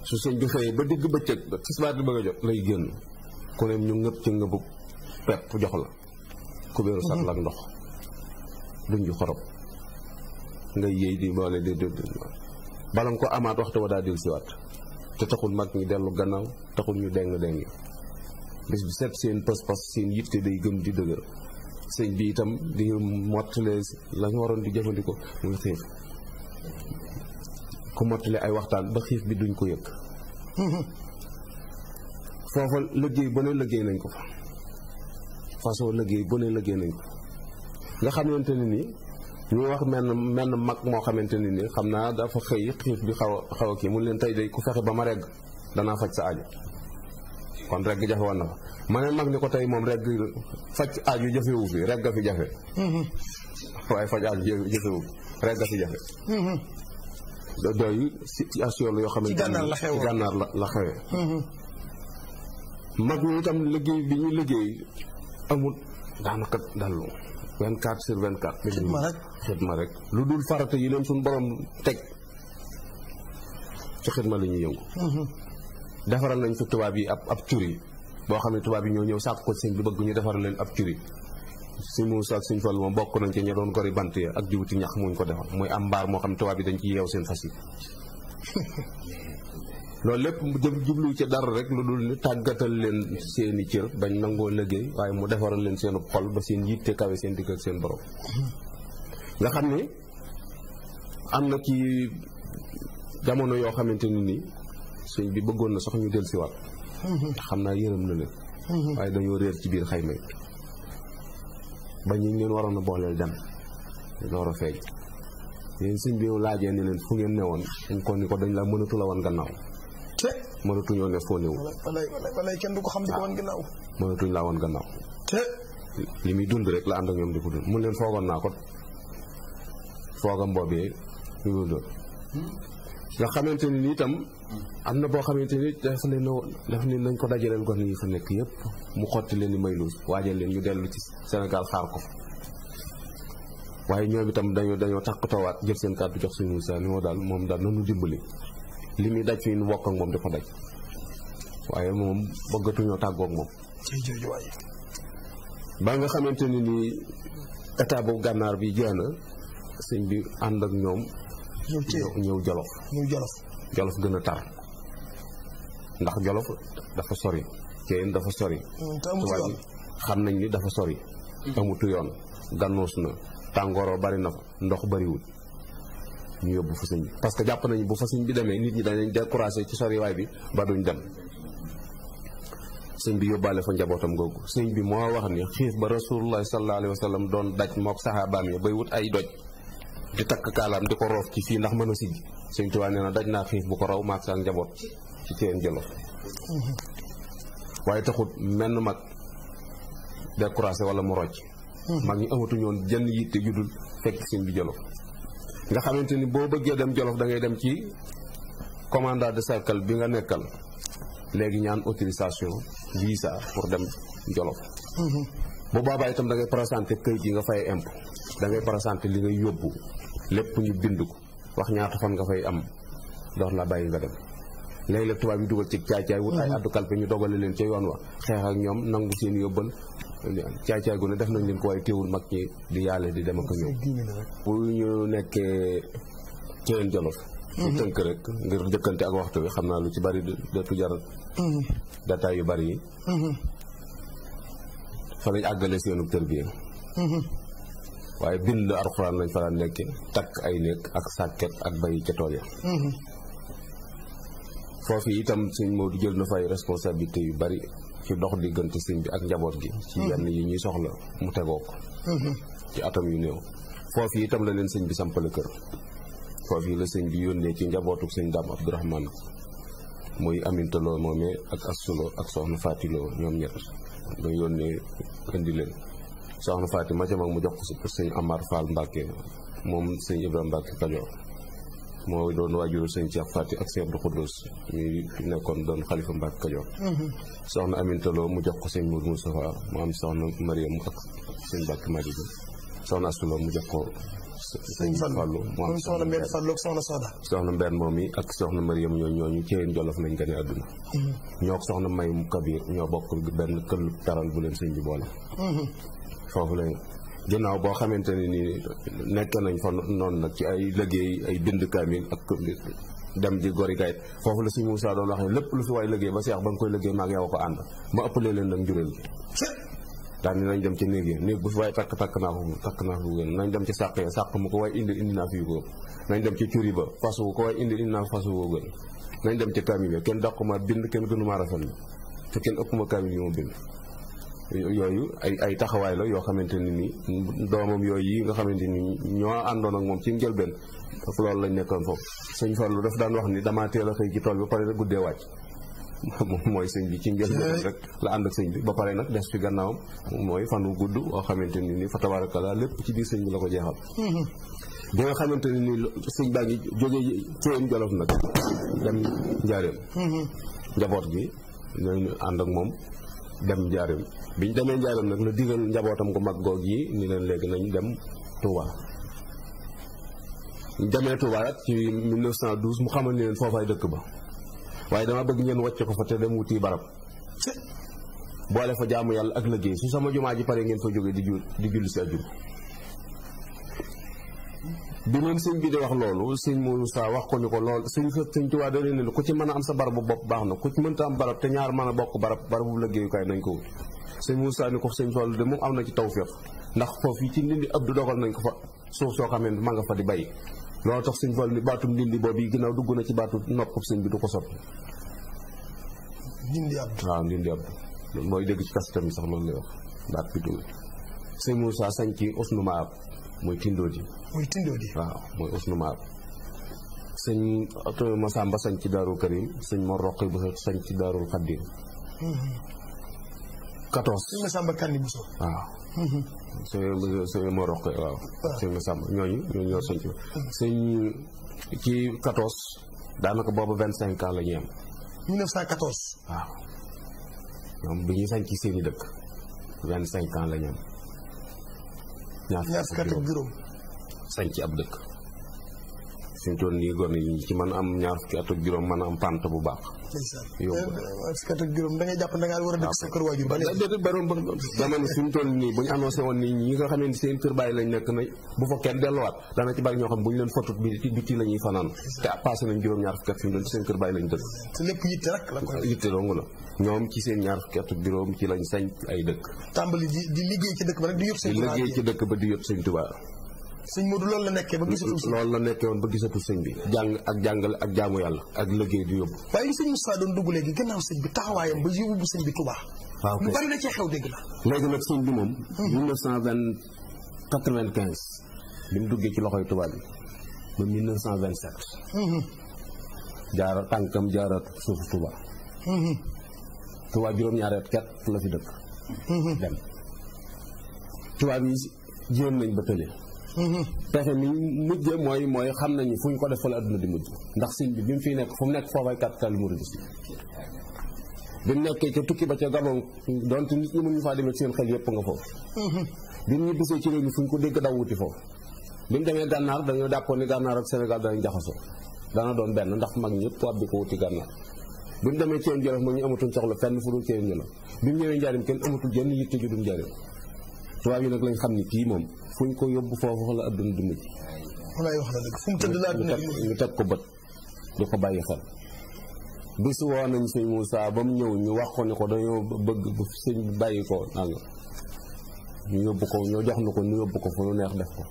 su sëñ bi xëyee ba digg bëccëg tisbaar di bëgg a jot lay génn ku ne ñu ngëpp ci ngëbu pepp jox la kubéeru mhm. sat la ndox duñ ju xorom nga yéey di boole di di bala nga ko amaat waxtu wa daa dil siwaat te taxul mag ñi dellu gannaaw taxul ñu deng deng bis bu set seen pas-pas seen yitte day gën di dëgër sëñ bi itam di mottale la waroon di jëfandikoo muy xiif ku mottale ay waxtaan ba xiif bi duñ ko yëg mhm. foofa liggéey bu ne liggéey nañ ko fa façon liggéey bu ne liggéey nañ ko fa nga xamante ne nii ñu wax menn menn mag moo xamante ne nii xam naa dafa xëy xiif bi xaw a xaw kii mu leen tey day ku fexe ba ma regg danaa faj sa aajo kon regg jafe woon na fa ma ne mag ni ko tey moom regg faj aaju jafewu fi regg a fi jafe mm-hmm. waaye faj aaju jafewu fi regg a fi jafe mm-hmm. dooyu yoo xamante ne gànnaar la xewee mm-hmm. mag ñi itam liggéey bi ñu liggéey amul daanaka dallu 24 sur 24. xidma rek xidma rek lu dul farata yi leen suñu borom teg ci xidma li ñu yëngu. Mhm. defaral nañ fi tubaab yi ab ab curi boo xam ne tubaab yi ñoo ñëw sàkk ko sëñ bi bëgg ñu defaral leen ab curi si Moussa ak suñ Fall moom bokk nañ ci ña doon gori bant ya ak jiwuti ñax muñ ko defal muy am mbaar moo xam ne tubaab yi dañ ci yeew seen fas yi loolu lépp mu jëm jublu ci dara rek lu dul tàggatal leen seeni cër bañ nangoo liggéey waaye mu defaral leen seenu xol ba seen yitte kawe seen dikk ak seen borom nga xam ne am na ci jamono yoo xamante ni nii sëñ bi bëggoon na sax ñu del siwaat xam naa yërëm na leen waaye dañoo réer ci biir xayma yi ba ñu waroon a booleel dem door a feeñ yéen sëñ bi laajee ni leen fu ngeen ne woon dañ ko ni ko dañ la mënatu la woon gannaaw te mënatuñoo ne foo néew. walaay walaay kenn du ko xam di ko wan gannaaw. mënatuñ laa wan gannaaw. te li muy dund rek la ànd ak ñoom di ko dund mun leen foogoon naa ko foogam boobee ñu nga xamante ne ni itam am na boo xamante ni daf ne na daf ne nañ ko dajaleel gone yi fa nekk yëpp mu xotti leen di may luus waajal leen ñu dellu ci Sénégal xaar ko waaye ñoom itam dañoo dañoo tàqatoowaat jël seen kàddu jox suñu Moussa ni moo daal moom daal nanu dimbali li muy daj fi ñu bokk ak moom di ko daj waaye moom bëggatuñoo tàggoo moom. ba nga xamante ni nii état bu gànnaar bi jeex na sëñ bi ànd ak ñoom. ñëw jolof ñëw jolof. jolof gën a tar ndax jolof dafa sori ceen dafa sori. Mm, tubaab yi xam nañ ni dafa sori. Mm. amutu yoon gànnoos na tàngooroo bari na fa ndox bariwul ñu yóbbu fa sëñ bi parce que jàpp nañu bu fa sëñ bi demee nit ñi danañ découragé ci soriwaay bi ba duñ dem sëñ bi yóbbaale fa njabootam googu sëñ bi moo wax ni xiif ba rasulullah sallallahu alayhi wa doon daj mook saxaabaam ya bay wut ay doj di takk kaalaam di ko roof ci fii ndax mën a siggi sëñ Tuubaa nee daj naa xiif bu ko raw maak saan njaboot ci ceen jëlof waaye taxut menn mag découragé wala mu rocc mag ñi amatuñoon jënn yitte judul fekk sëñ bi jëlof nga xamante ni boo bëggee dem Jolof da ngay dem ci commandant de cercle bi nga nekkal léegi ñaan autorisation visa pour dem Jolof mhm. bu boobaa itam da ngay présenté këyit yi nga fay imp dangay ngay présenté li ngay yóbbu lépp ñu bind ko wax ñaata fan nga fay am door la bàyyi nga dem léegi la tubaab yi dugal ci caay-caay wut ay mhm. addu kalpe ñu dogale leen ca yoon wa xeex ak ñoom nangu seen yóbbal caay-caay gu ne def nañ leen ko waaye teewul mag ñi di yàlla di dem ko ñëw pour ñu nekkee Thiel Jolof su mhm. tënk rek ngir njëkkante ak waxtu bi xam naa lu ci bari dootu jar mhm. data yu bari yi mhm. fa lañ àggale seenu tërbiya waaye bind alxuraan lañ fa daan nekke takk ay néeg ak sàkket ak bay ca tool ya foofu itam sëñ Maodo jël na fay responsabilité yu bari fi dox diggante sëñ bi ak njaboot gi ci mhm. yenn yi ñuy soxla mu tegoo ko mhm. ci atam yu néew foofu tam la leen sëñ bi sampale kër foofu la sëñ bi yónnee ci njabootuk sëñ daam abdourahman muy amintaloo moomee ak assuloo ak soxna faatiloo ñoom ñett da yónnee indi leen soxna faati ma ca mu jox ko sëñ amar fall mbàkke moom sëñ ibrahima mbàkke kajoor moo doon waajuru sëñ Cheikh Fati ak sëñ Abdou Khoudous ñuy nekkoon doon xalifa Mbacke Kajoor mm-hmm. soxna Aminta Lo mu jox ko sëñ Mour Moustapha mu am soxna Mariam ak sëñ Mbacke Madina soxna Asula mu jox ko sëñ Fallou mu am soxna Mbène Fallou ak soxna Sada soxna Mbène moom yi ak soxna Mariam ñoo ñooñu ceen jolof lañ gane àdduna mm-hmm. ñoo ak soxna May Kabir ñoo bokk benn këll taral bu leen sëñ bi boole mm-hmm. foofu lañ ginnaaw boo xamante ne nii nekk nañ fa noonu nag ci ay liggéey ay bind kaamil ak dem di gori kayit foofu la si muusa doon wax ne lépp lu fi waay liggéey ba seex ba nga koy liggéey maa yow ko ànd ma leen nag njureel dem ci néeg yi néeg bu fi waaye takk takk naa ko takk naa ko gën nañ dem ci sàq ya sàq mu ko waaye indi indi naa fi ko nañ dem ci curi ba fas wu ko waaye indi indi naa fas wu gën nañ dem ci kaamil ya kenn dàqu ma bind kenn gënu ma rafetlu te kenn ëpp ma kaamil yi ma bind yooyu ay ay taxawaay la yoo xamante ne ni doomam yooyu yi nga xamante ni ñoo àndoon ak moom ci njëlbeen foofu loolu lañ nekkoon foofu sëñ Fallou daf daan wax ni damaa teel a xëy ci tool bi ba pare rek guddee wàcc mooy sëñ bi ci njëlbeen rek ànd ak bi ba pare nag des ci gannaawam mooy fan wu gudd oo xamante ni ni fa tabaarakala lépp ci biir sëñ la ko jeexal bi nga xamante ne ni sëñ baa ngi jógee ceen jolof nag dem mm-hmm. njaboot gi ñooñu ànd ak moom dem njaareem biñ demee njaareem nag la digal njabootam gu mag goog yi ni leen léegi nañu dem Touba. demee Touba ci 1912 mu xamal ni leen foofay dëkk ba waaye dama bëgg ngeen wàcce ko fa te dem wuti barab boole fa jaamu yàlla ak liggéey su sama jumaa ji pare ngeen fa jógee di ju di julli si ajjuma bi leen sëñ bi di wax loolu sëñ Moussa wax ko ni ko lool sëñ fa sëñ Tuubaa doon leen ku ci mën a am sa barabu bopp baax na ku ci mënta am barab te ñaar mën a bokk barab barabu liggéeyukaay nañ ko wut sëñ Moussa ni ko sëñ Fallu de moom am na ci tawféex ndax foofu yi ci ndindi nañ ko fa suuf soo xamee ma nga fa di bay loolu tax sëñ Fallu ni baatum ndindi boobu yi ginnaaw dugg na ci baatu nopp sëñ du ko soppi ndindi ab waaw ndindi ab mooy dégg ci sax loolu lay wax baat bi dul sëñ Moussa sañ ci usnu muy Tindodi. muy waaw mooy Ousmane sëñ Oto Masamba sañ ci Daarul Karim sëñ Mor Roqi sañ ci Daarul Xaddim. 14 mm-hmm. sëñ Masamba Kandi Bousso. waaw. Mm-hmm. sëñ sëñ Mor Roqi waaw. waaw sëñ Masamba ñooñu ñooñu ñoo sañ ci. Mm-hmm. sëñ ci 14 daanaka boobu 25 cinq la ñu am. ñoom bi ñuy sañ ci seeni dëkk 25 ans la ñu am. ñaar fukk ak juróom sañ ci ab dëkk fi mu toll nii gone yi ci mën am ñaar fukki at juróom mën am pant bu baax. yóbbu eh, fukki a ba léegi baroon ba jamono fi mu nii bu ñu woon nii ñi nga xam ne seen kër bàyyi lañ nekk na bu fa kenn delluwaat dana ci bari ñoo xam bu ñu leen fotut bi biti la fanaan te passé nañ juróom ñaar fukki at fi mu seen kër bàyyi lañ dëkk. te lépp yitte rek yitte dong la ñoom ci seen ñaar fukki at juróom ci lañ sañ ay dëkk. tàmbali di di liggéey ci dëkk ba di yóbbu sëñ Tuubaa di liggéey ci dëkk ba di yóbbu sëñ Tuubaa. sëñ Modou loolu la nekkee ba gisatul. loolu la nekkee woon ba gisatul sëñ bi. jàng ak jàngale ak jaamu yàlla. ak liggéey di yóbbu. waaye li sëñ Moussa doon dugg léegi gannaaw sëñ bi taxawaayam ba yóbbu sëñ bi Tuubaa. waaw kay lu bari na ci xew dégg la. léegi nag sëñ bi moom. 1995 hmm. bi mu duggee ci loxoy tubaab bi ba 1927. Hmm. jaara tànkam jaaraatu suufu Tuubaa. Hmm. Touba juróom-ñaari at kat la fi dëkk. Mhm. dem tubaab yi jéem nañ ba tële. Mhm. pexe mi mujje mooy mooy xam nañu fu ko def fa la adduna ndax sëñ bi bi mu fiy nekk fu mu nekk foofay capital mouridisme bi mu nekkee tukki ba ca Gabon donte nit ñi mënuñu faa demee seen xel yëpp nga foofu mhm. bi mu ñibbisee ci réew mi fu ñu ko dégg daw wuti foofu bi mu demee gànnaar dañoo dàppoon ni gànnaar ak Sénégal danañ jaxasoo dana doon benn ndax mag ñëpp tubaab bi ko wuti gànnaar bu ñu demee Thiel Jolof mooy ñu amatuñ soxla kenn fu dul Thiel Jolof bi mu ñëwee njaarim kenn amatul jenn yitte ju dul njaarim tubaab nag lañ xam ni kii moom fu ko yóbbu foofu la adduna di wax ñu teg ko bët di ko bàyyi xel. bis nañ sëñ Moussa ba mu ñëw ñu wax ko ko dañoo bëgg bu sëñ bi bàyyi ko nangam ñu na ko ñu yóbbu ko fu lu neex def ko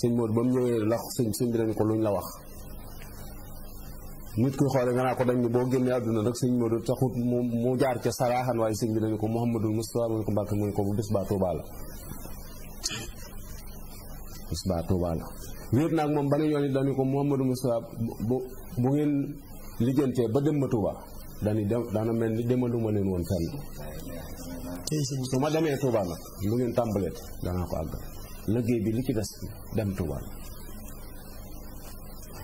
sëñ Modou ba mu ñëwee ko luñ la wax. nit koy xoole nga naa ko dañ ne boo génnee àdduna nag sëñ Modou taxut mu mu jaar ca saraaxan waaye sëñ bi dañu ko Mouhamadul Moustapha mu ne ko Mbàkke mu ko bu bés baa Tuubaa la moom ba yoon it ko Mouhamadul Moustapha bu bu ngeen liggéentee ba dem ma Tuubaa dañu dem daana mel ni demaluma leen woon fenn su ma demee Tuubaa nag lu ngeen tàmbalee danaa ko àggal liggéey bi li ci des dem Tuubaa la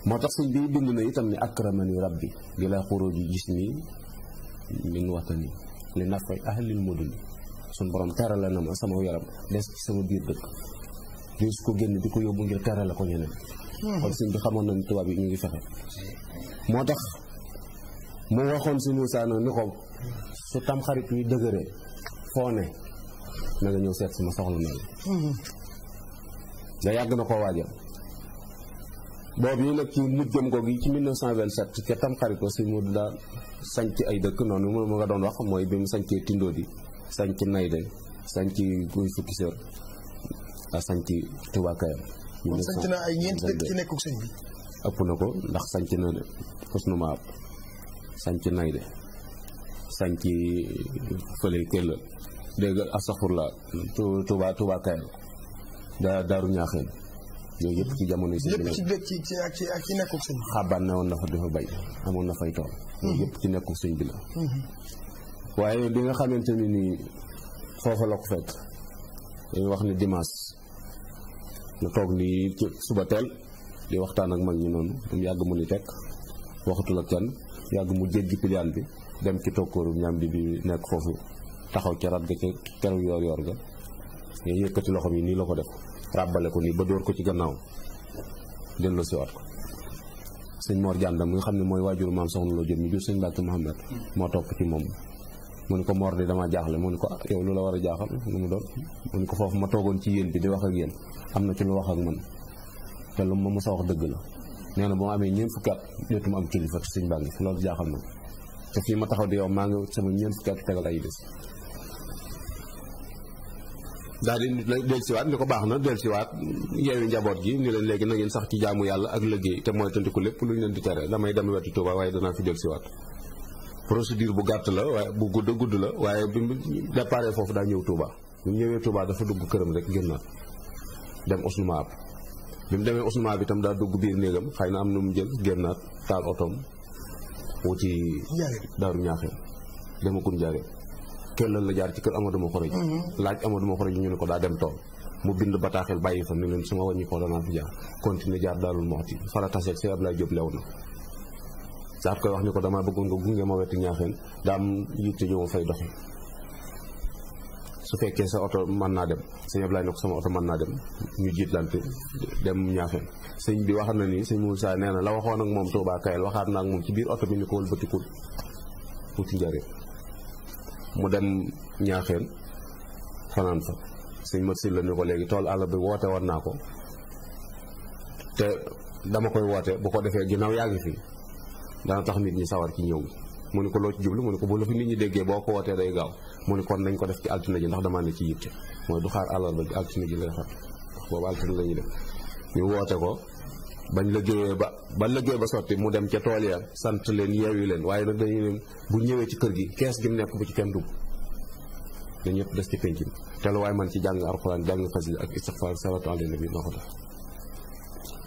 moo tax sëñ bi bind na itam ne akramani rabbi bi la xuruji jismi min watani li nafa ahlil muduni suñ borom terale na ma sama yaram des sama biir dëkk di su ko génn di ko yóbbu ngir terale ko ñeneen hmm. kon sëñ bi xamoon na ne tubaab yi ñu ngi fexe moo tax mu waxoon si Moussa na ni ko su tamxarit wi dëgëree foo ne na nga ñëw seet sama soxla mel hmm. nga yàgg na ko waajal boobu yi nag ci mujjëm googu yi ci 1927 ca tamxarit aussi mu la sanc ay dëkk noonu mu ma nga doon wax mooy bi mu sancee tindoo di sanc nayde sanc guy fukki sër a sanc Touba Kayam kon sanc na ay ñeenti dëkk ci nekkug sëñ bi ëpp na ko ndax sañc na xusnu maab sanc nayde sanc fële këllal dégg astaxfurlaa Touba Touba Kayam da daaru ñaaxeen yooyu yëpp ci jamono sëñ bi lépp ci ci ak ci ak ci nekkul sëñ bi xabaan woon na fa dafa amoon na fay tool mhm. yooyu ci nekkul sëñ bi la mhm. waaye bi nga xamante ni nii foofa la ko fekk dañu wax ni dimaas ñu toog nii suba teel di waxtaan ak mag ñi noonu yàgg mu ni tekk waxatul kenn yàgg mu ji piliyaan bi dem ci tokkooru ñam bi bi nekk foofu taxaw ca rat ga ca keru yoor yoor ga yooyu yëkkati loxo yi nii la ko def ràbbale ko nii ba dóor ko ci gannaaw delloo siwaat ko sëñ moor Jànda mi nga xam ne mooy waajur maam soxna loo jëm mi jur sëñ Mbàkke Muhammad moo topp ci moom mu ni ko Mor de damaa jaaxle mu ni ko ah, yow la war a jaaxal mu doon mu ko foofu ma toogoon ci yéen bi di wax ak yéen am na ci lu wax ak man te lu ma mos a wax dëgg la nee na ba ma amee ñeent fukki at jotuma am kilifa sëñ Mbàkke loolu na te fii ma taxaw di yow maa ngi sama ñeent fukki at tegal ay bés daal di dellusiwaat ni ko baax na dellusiwaat yeewi njaboot gi ni leen léegi na ngeen sax ci jaamu yàlla ak liggéey te mooy tëndiku lépp lu ñu leen di tere damay dem wetu Tuuba waaye danaa fi dellusiwaat procédure bu gàtt la waaye bu gudd gudd la waaye bi mu déparé foofu daa ñëw Touba bi mu ñëwee tuubaa dafa dugg këram rek génnaat dem Osnumaab bi mu demee Osnumaab itam daa dugg biir néegam xëy na am na mu jël génnaat taal otoom wuti daaru ñaaxee kelloon la jaar ci kër Amadou Mokhara ji mm-hmm. laaj Amadou Mokhara ji ñu ne ko daa dem tool mu bind bataaxel bàyyi fa ne leen su ma wàññi ko danaa fi jaar continuer jaar daalul moxti fala taseeg see Ablaye Diop lew na daat koy wax ni ko damaa bëggoon nga gunge ma wetu ñaaxeen daa am yitte ñu fay doxi su fekkee sa oto man naa dem sëñ Ablaye ne ko oto mën naa dem ñu jiitlante dem ñaaxeen sëñ bi wax na ni sëñ Moussa nee na la waxoon ak moom Touba Kayel waxaat na ak moom ci biir oto bi ni ko wëlbatikul uti njëriñ mu dem ñaaxeen fanaan fa sëñ si la ni ko léegi tool àll bi woote woon naa ko te dama koy woote bu ko defee ginnaaw yaa ngi fi dana tax nit ñi sawar ci ñëw mu ni ko loo ci jublu mu ne ko bu la fi nit ñi déggee boo ko wootee day gaaw mu ni kon nañ ko def ci altine ji ndax damaa ne ci yitte mooy du xaar àllarba ji altine ji lay xat boobu altine la ñuy def ñu woote ko bañ liggéeyee ba ba liggéey ba sotti mu dem ca tool ya sant leen yeewi leen waaye nag dañuy leen bu ñëwee ci kër gi kees gi mu nekk bu ci kenn dugg na ñëpp des ci penc mi te man ci jàng alxuraan jàng xasida ak istixfaar salaatu ala nabi noo ko def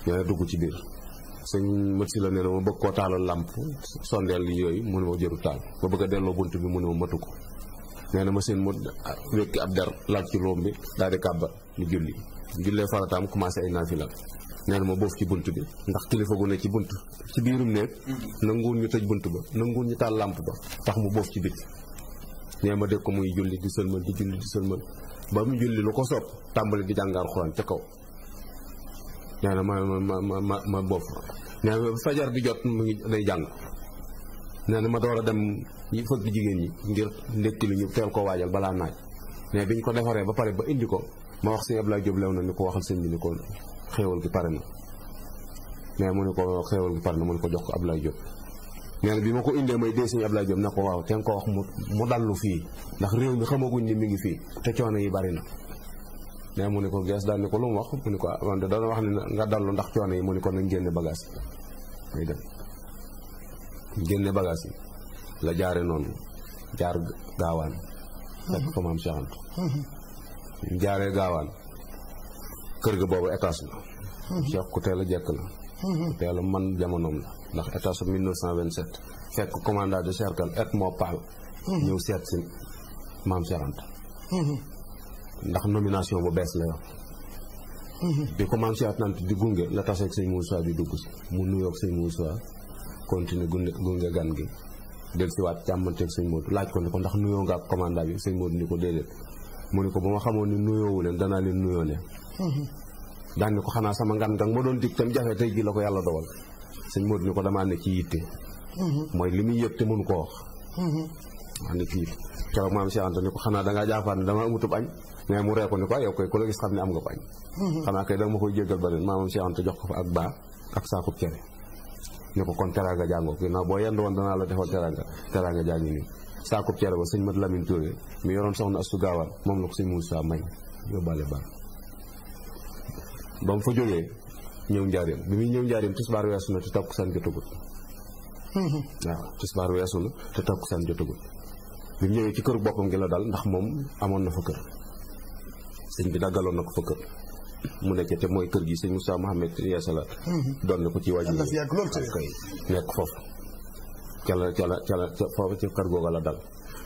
nee na dugg ci biir sëñ mët si la ne na ma bëgg koo taaloon làmp sondeel yooyu mu ne ma jëru taal ma bëgg a delloo bunt bi mu ne ma matu ko nee na ma seen mu ah, wékki ab der laaj ci róom bi daal di kàbbar mu julli jullee farataam commencé ay naafila nee na ma boof ci bunt bi ndax kilifa gu ne ci bunt ci biirum néeg nanguwul ñu tëj bunt ba nanguwul ñu taal làmp ba tax mu boof ci biti nee ma dégg ko muy julli di sëlmal di julli di sëlmal ba mu julli lu ko soob tàmbali di jàngaar xuraan ca kaw na ma ma ma ma ma boof fajar bi jot mu ngi day jàng nee ma door a dem fëgg jigéen ñi ngir ndékki lu ñu teel ko waajal balaa naaj mais biñ ko defaree ba pare ba indi ko ma wax sëñ Abdoulaye Diop lew na ni ko waxal sëñ ni ko xéewal gi pare na mais mu ne ko xéewal gi pare na mu ne ko jox ko ab Ablaye Diop nee na bi ma ko indee may dee suñu Ablaye Diop ne ko waaw te nga ko wax mu mu dallu fii ndax réew mi xamaguñ ni mi ngi fii te coono yi bari na mais mu ne ko gees daal ne ko lu mu wax mu ne ko man de wax ne nga dallu ndax coono yi mu ni ko nañ génne bagage yi muy dem génne bagage yi la jaare noonu jaar gaawaan fekk ko maam Cheikh Anta jaaree gaawaan kër ga boobu étage la. Mhm. Cheikh ku teel a jekk la. Mhm. ku teel a man jamonoom la ndax étage bu 1927 fekk commandant de cercle et moo paal. Mhm. ñëw seet si maam Cheikh Anta. ndax nomination bu bees la yor. bi ko maam Cheikh di gunge la taseeg sëñ Moussa bi dugg si mu nuyoog sëñ Moussa continuer gunge gunge gan gi. del si waat càmmanteeg sëñ Modou laaj ko ni ko ndax nuyoo nga ak commandant bi sëñ Modou ni ko déedéet mu ni ko ba ma xamoon ni nuyoowu leen danaa leen nuyoo ne. daan ni ko xanaa sama ngan nga ma doon dig tam jafe tey ji la ko yàlla dogal sëñ Modou ni ko damaa ne ci yitte mooy li muy yëpp te mënu ko wax wax ne ci yitte keroog maam Cheikh Anta ni ko xanaa dangaa jaafaat ne dama amutub añ mais mu ree ko ni ko ah, yow koy ku la gis xam ne am nga ko añ xanaa kay dama koy jéggal beneen maamam Cheikh jox ko fa ak baa ak saakub cere ni ko kon teraanga jàngoo ginnaaw boo yend woon danaa la defal teraanga teraanga jàngi nii saakub cere ba sëñ Mat Lamine Touré soxna Astu Gaawaan moom la ko sëñ Moussa may yóbbaale baa ba mu fa jógee ñëw njaareem bi muy ñëw njaareem tisbaar weesu na te takkusaan jotagut waaw tisbaar weesu na te takkusaan jotagut bi mu ñëwee ci kër boppam gi la dal ndax moom amoon na fa kër sëñ bi daggaloon na ko fa kër mu nekk te mooy kër gi sëñ Moussa Mohamed Yesala doon na ko ci waajur koy nekk foofu ca la ca la ca la foofu ci kër googa la dal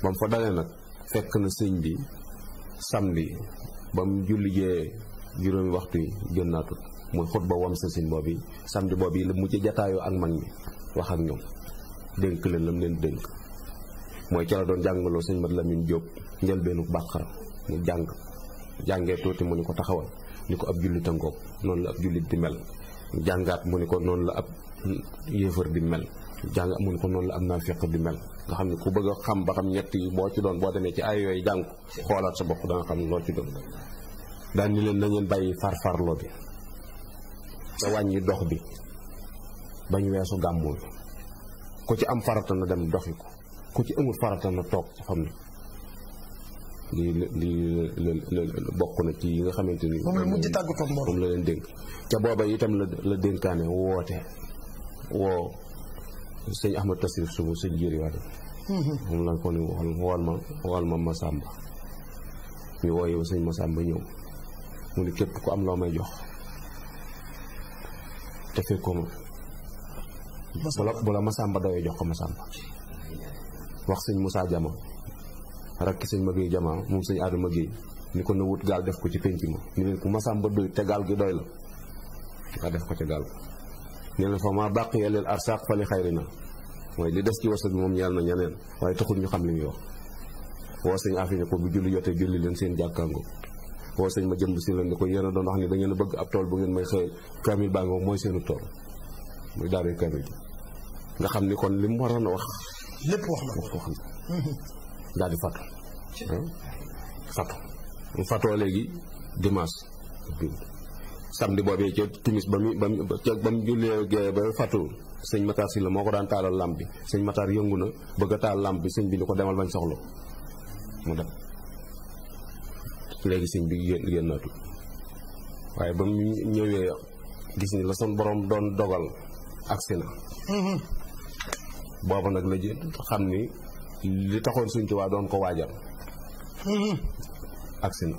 ba mu fa dalee nag fekk na sëñ bi samedi ba mu jullijee juróomi waxtu yi jot naa tut muy xutba wam sa sin boobu samedi boobu yi la mu ci jataayoo ak mag mi wax ak ñoom dénk leen lam leen dénk mooy ca la doon jàngaloo sëñ Mat la Jóob njëlbeenu bàqara mu jàng jàngee tuuti mu ni ko taxawal ni ko ab jullit a ngoog noonu la ab di mel jàngaat mu ni ko noonu la ab yéefar di mel jàng mu ni ko noonu la ab naafiq di mel nga xam ne ku bëgg xam ba xam ñett yi boo ci doon boo demee ci ay yooyu jàng xoolaat sa bopp danga xam loo ci doon daan ni leen na ngeen bàyyi farfarlo bi te wàññi dox bi ba weesu gàmmu ku ci am farata na dem doxi ko ku ci amul farata na toog ci xam ne lii lii bokk na ci yi nga xamante ni moom la leen dénk ca booba itam la la dénkaane woote woo sëñ Ahmad Tasrif suba sëñ jëri waat mm-hmm. moom la ko ni wool ma wool ma Masamba ñu wooyewu sëñ Masamba ñëw mu ni képp ko am loo may jox te fekkoo ma bu la bu la doyee jox ko Masamba wax sëñ Moussa Jama rakki sëñ Maguey Jama moom sëñ Adama Gueye ni ko na wut gaal def ko ci penc ma ni leen ku Masamba doy te gaal gi doy la nga def ko ci gaal nee na fa maa baqiya lil arsaq fa li xayri na mooy li des ci wasa bi moom ñeel na ñeneen waaye taxul ñu xam li ñuy wax woo sëñ Afi ne ko bu julli jotee julli leen seen jàkkaango woo sëñ ma jëmb si la ni ko yéen a doon wax ni da a bëgg bu ngeen may xëyal kaamil baa nga mooy seenu tool muy daaree nga xam ni kon li mu waroon wax lépp wax na ko mhm. daal di fàttu fàttu mu fàttoo léegi dimanche samedi boobee ca timis ba mu ba mu ba mu jullee sëñ Matar si la moo ko daan taalal làmp bi sëñ Matar yëngu na bëgg a taal làmp bi sëñ bi ni ko demal bañ soxla mu dem léegi sëñ bi génnaatul waaye ba mu ñëwee gis ni la son borom doon dogal agsi na mm-hmm. booba nag la jël xam ni li taxoon suñ waa doon ko waajal mm-hmm. agsi na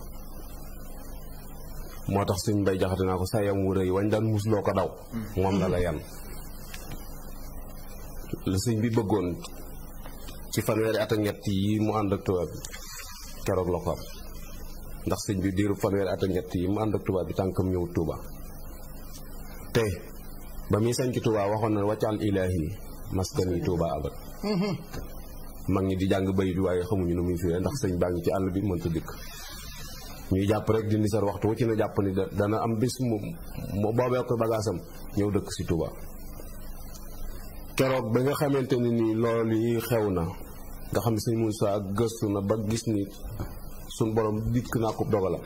moo tax suñ mbay jaxate naa ko sa yam wu rëy wañ daan musloo ko daw mm-hmm. moom la yan la sëñ bi bëggoon ci fanweeri at ñett yi mu ànd ak tubaab bi keroog la ko am ndax sëñ bi diiru fanweeri at ak ñett yi mu ànd ak Touba bi tànkam ñëw Touba te ba muy sanc Touba waxoon na waccaal ilaahi maskani Touba abad mag ñi di jàng bay bi waaye xamuñu nu muy firee ndax sëñ baa ngi ci àll bi mënta dikk ñuy jàpp rek di nisar waxtu wu ci na jàpp ni dana am bis mu boobee ko bagaasam ñëw dëkk si Touba keroog ba nga xamante ni nii loolu yi xew na nga xam ne sëñ ak gëstu na ba gis ni suñu borom dikk naa ko dogalam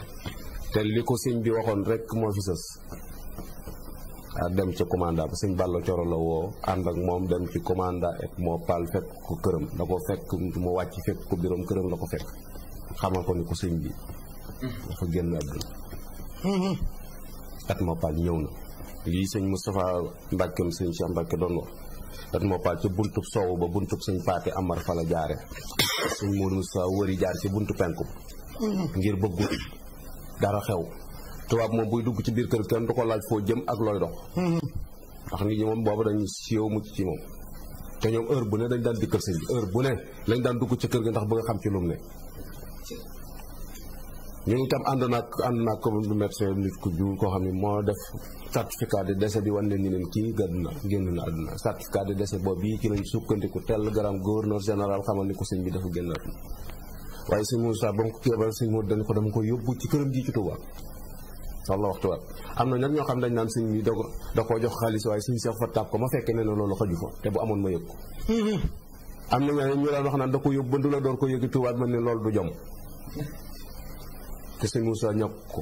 te li ko sëñ bi waxoon rek moo fi sës dem ci commanda ba sëñ Balla Coro la woo ànd ak moom dem ci commanda et moo pal fekk ko këram da ko fekk mu wàcc fekk ko biroom këram la ko fekk xamal ko ni ko sëñ bi dafa génn àdduna at moo pal ñëw na lii doon wax at moo pal ca buntub soow ba buntub sëñ Paate Amar fa la jaare sëñ Mourou Moustapha wëri jaar ci buntu penku ngir bëggu dara xew tubaab moom buy dugg ci biir kër kenn du ko laaj foo jëm ak looy dox ndax nit ñi moom boobu dañu siiw mucc ci moom te ñoom heure bu ne dañ daan dikkal sëñ bi heure bu ne lañ daan dugg ci kër gi ndax bëgg xam ci lu mu ne ñu itam ànd naag ànd naag comme médecin nit ku juul koo xam ne moo def certificat de décès bi wan leen ñu leen kii gàdd na génn na àdduna certificat de décès boobu yi ci lañ sukkandiku tell garam gouverneur général xamal ni ko sëñ bi dafa génn waaye sëñ Moussa ba mu ko keebal sëñ Modou dañ ko ko yóbbu ci këram ji ci am na nag ñoo xam dañ naan sëñ bi da ko da koo xaalis waaye sëñ Cheikh Fatab ko ma fekkee ne na loolu xaju ko na ñoo ñu daan wax naan da ko yóbbu bandu la door ko yëgi Touba ne loolu du jom te sëñ Moussa ko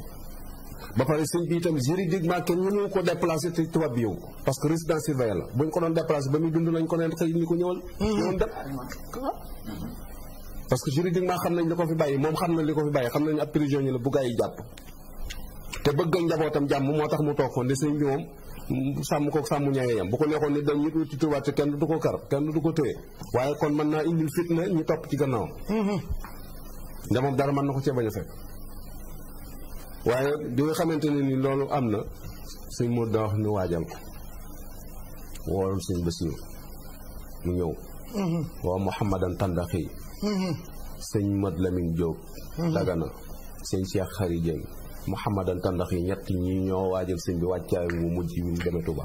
ba pare sëñ bi itam juridiquement ko déplacé te tubaab bi yow parce que résidence surveillée la bu ñu ko doon déplacé ba muy dund nañ ko neen xëy ni ko ñëwal mm-hmm. ñëwoon dem parce que juridiquement xam nañ li ko fi bàyyi moom xam na li ko fi bàyyi xam nañ ab prisonnier la bu gaa yi jàpp te bëgg njabootam jàmm moo tax mu toog fa ne sëñ bi sàmm ko sàmm ñaay ko neexoon ni dañ ñu uti tubaab te kenn du ko kar kenn ko téye waaye kon mën naa ñu topp ci gannaawam mm-hmm. nda dara mën na ko cee bañ a xamante ne ni loolu am na sëñ moo da mu ñëw mm-hmm. waaw Muhammadan Tandaxi sëñ Mad Lamine Diop. Dagana sëñ Cheikh Khary Dieng Mouhamadan Tandax yi ñett ñi ñoo waajal sëñ bi wàccaay bi mu demee Touba.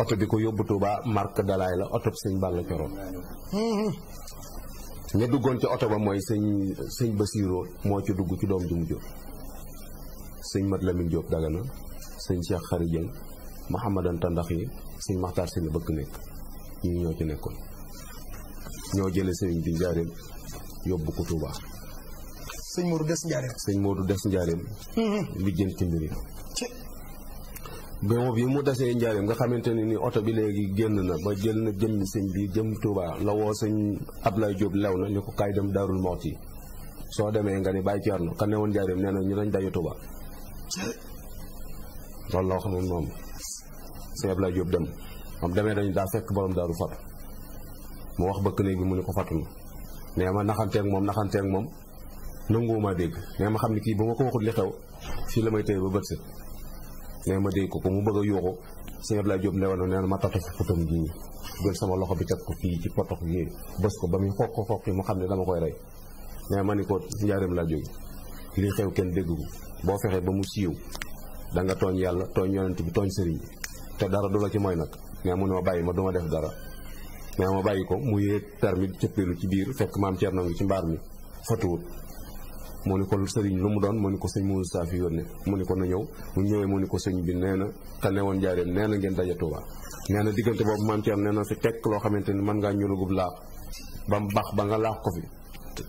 oto bi ko yóbbu Touba marque Dalaay la oto bi sëñ Balla oto ba mooy sëñ sëñ moo ci dugg ci doom ji mu jóg sëñ Mat Lamine Diop Dagana sëñ Cheikh Khary Dieng Mouhamadan Tandax yi sëñ Maxtaar sëñ bëgg nekk ñi ñoo ci nekkoon. ñoo jële sëriñ bi njaareem yóbbu ko Touba. sëñ Modou des njaareem. sëñ Modou des njaareem. li jëm ci mbir yi. mu desee njaareem nga xamante ne ni oto bi léegi génn na ba jël na jëm sëñ bi jëm Touba la woo sëñ Ablaye Diop lew na ni ko kaay dem Darou Mouhty soo demee nga ni bàyyi Thierno kan ne woon njaareem nee na ñu dañ daje Touba. loolu la wax noonu moom sëñ Ablaye Diop dem moom demee dañu daa fekk borom Darou Fatou. mu wax bëkk néeg bi mu ne ko fàttunu nee ma naxanteeg moom naxanteeg moom nanguwumaa dégg nee ma xam ne kii bu ma ko waxul li xew fii la may tëye ba bët set nee ma dégg ko ko mu bëgg a yuuxu sëñ Abdoulaye Diop newoon nee ma tatu fi potam jii jël sama loxo bi teg ko fii ci potox gi bës ko ba muy xoog ko xoog mu xam ne dama koy rey nee ma ni ko njaareem laa jóge lii xew kenn dégg ko boo fexee ba mu siiw da nga tooñ yàlla tooñ yonent bi tooñ sëriñ bi te dara du la ci mooy nag nee mu ne bàyyi ma duma def dara mais ma bàyyi ko mu yéeg permis di cëppeelu ci biir fekk maam Thierno ngi ci mbaar mi fatuwut moo ni ko sëriñ lu mu doon moo ni ko sëñ Moussa fi yónne mu ni ko na ñëw mu ñëwee mu ni ko sëñ bi nee woon jaareem nee na ngeen daje Tuuba nee na diggante boobu maam Thierno nee na fi tekk loo xamante ni mën ngaa ñulugub laax ba mu baax ba nga laax ko fi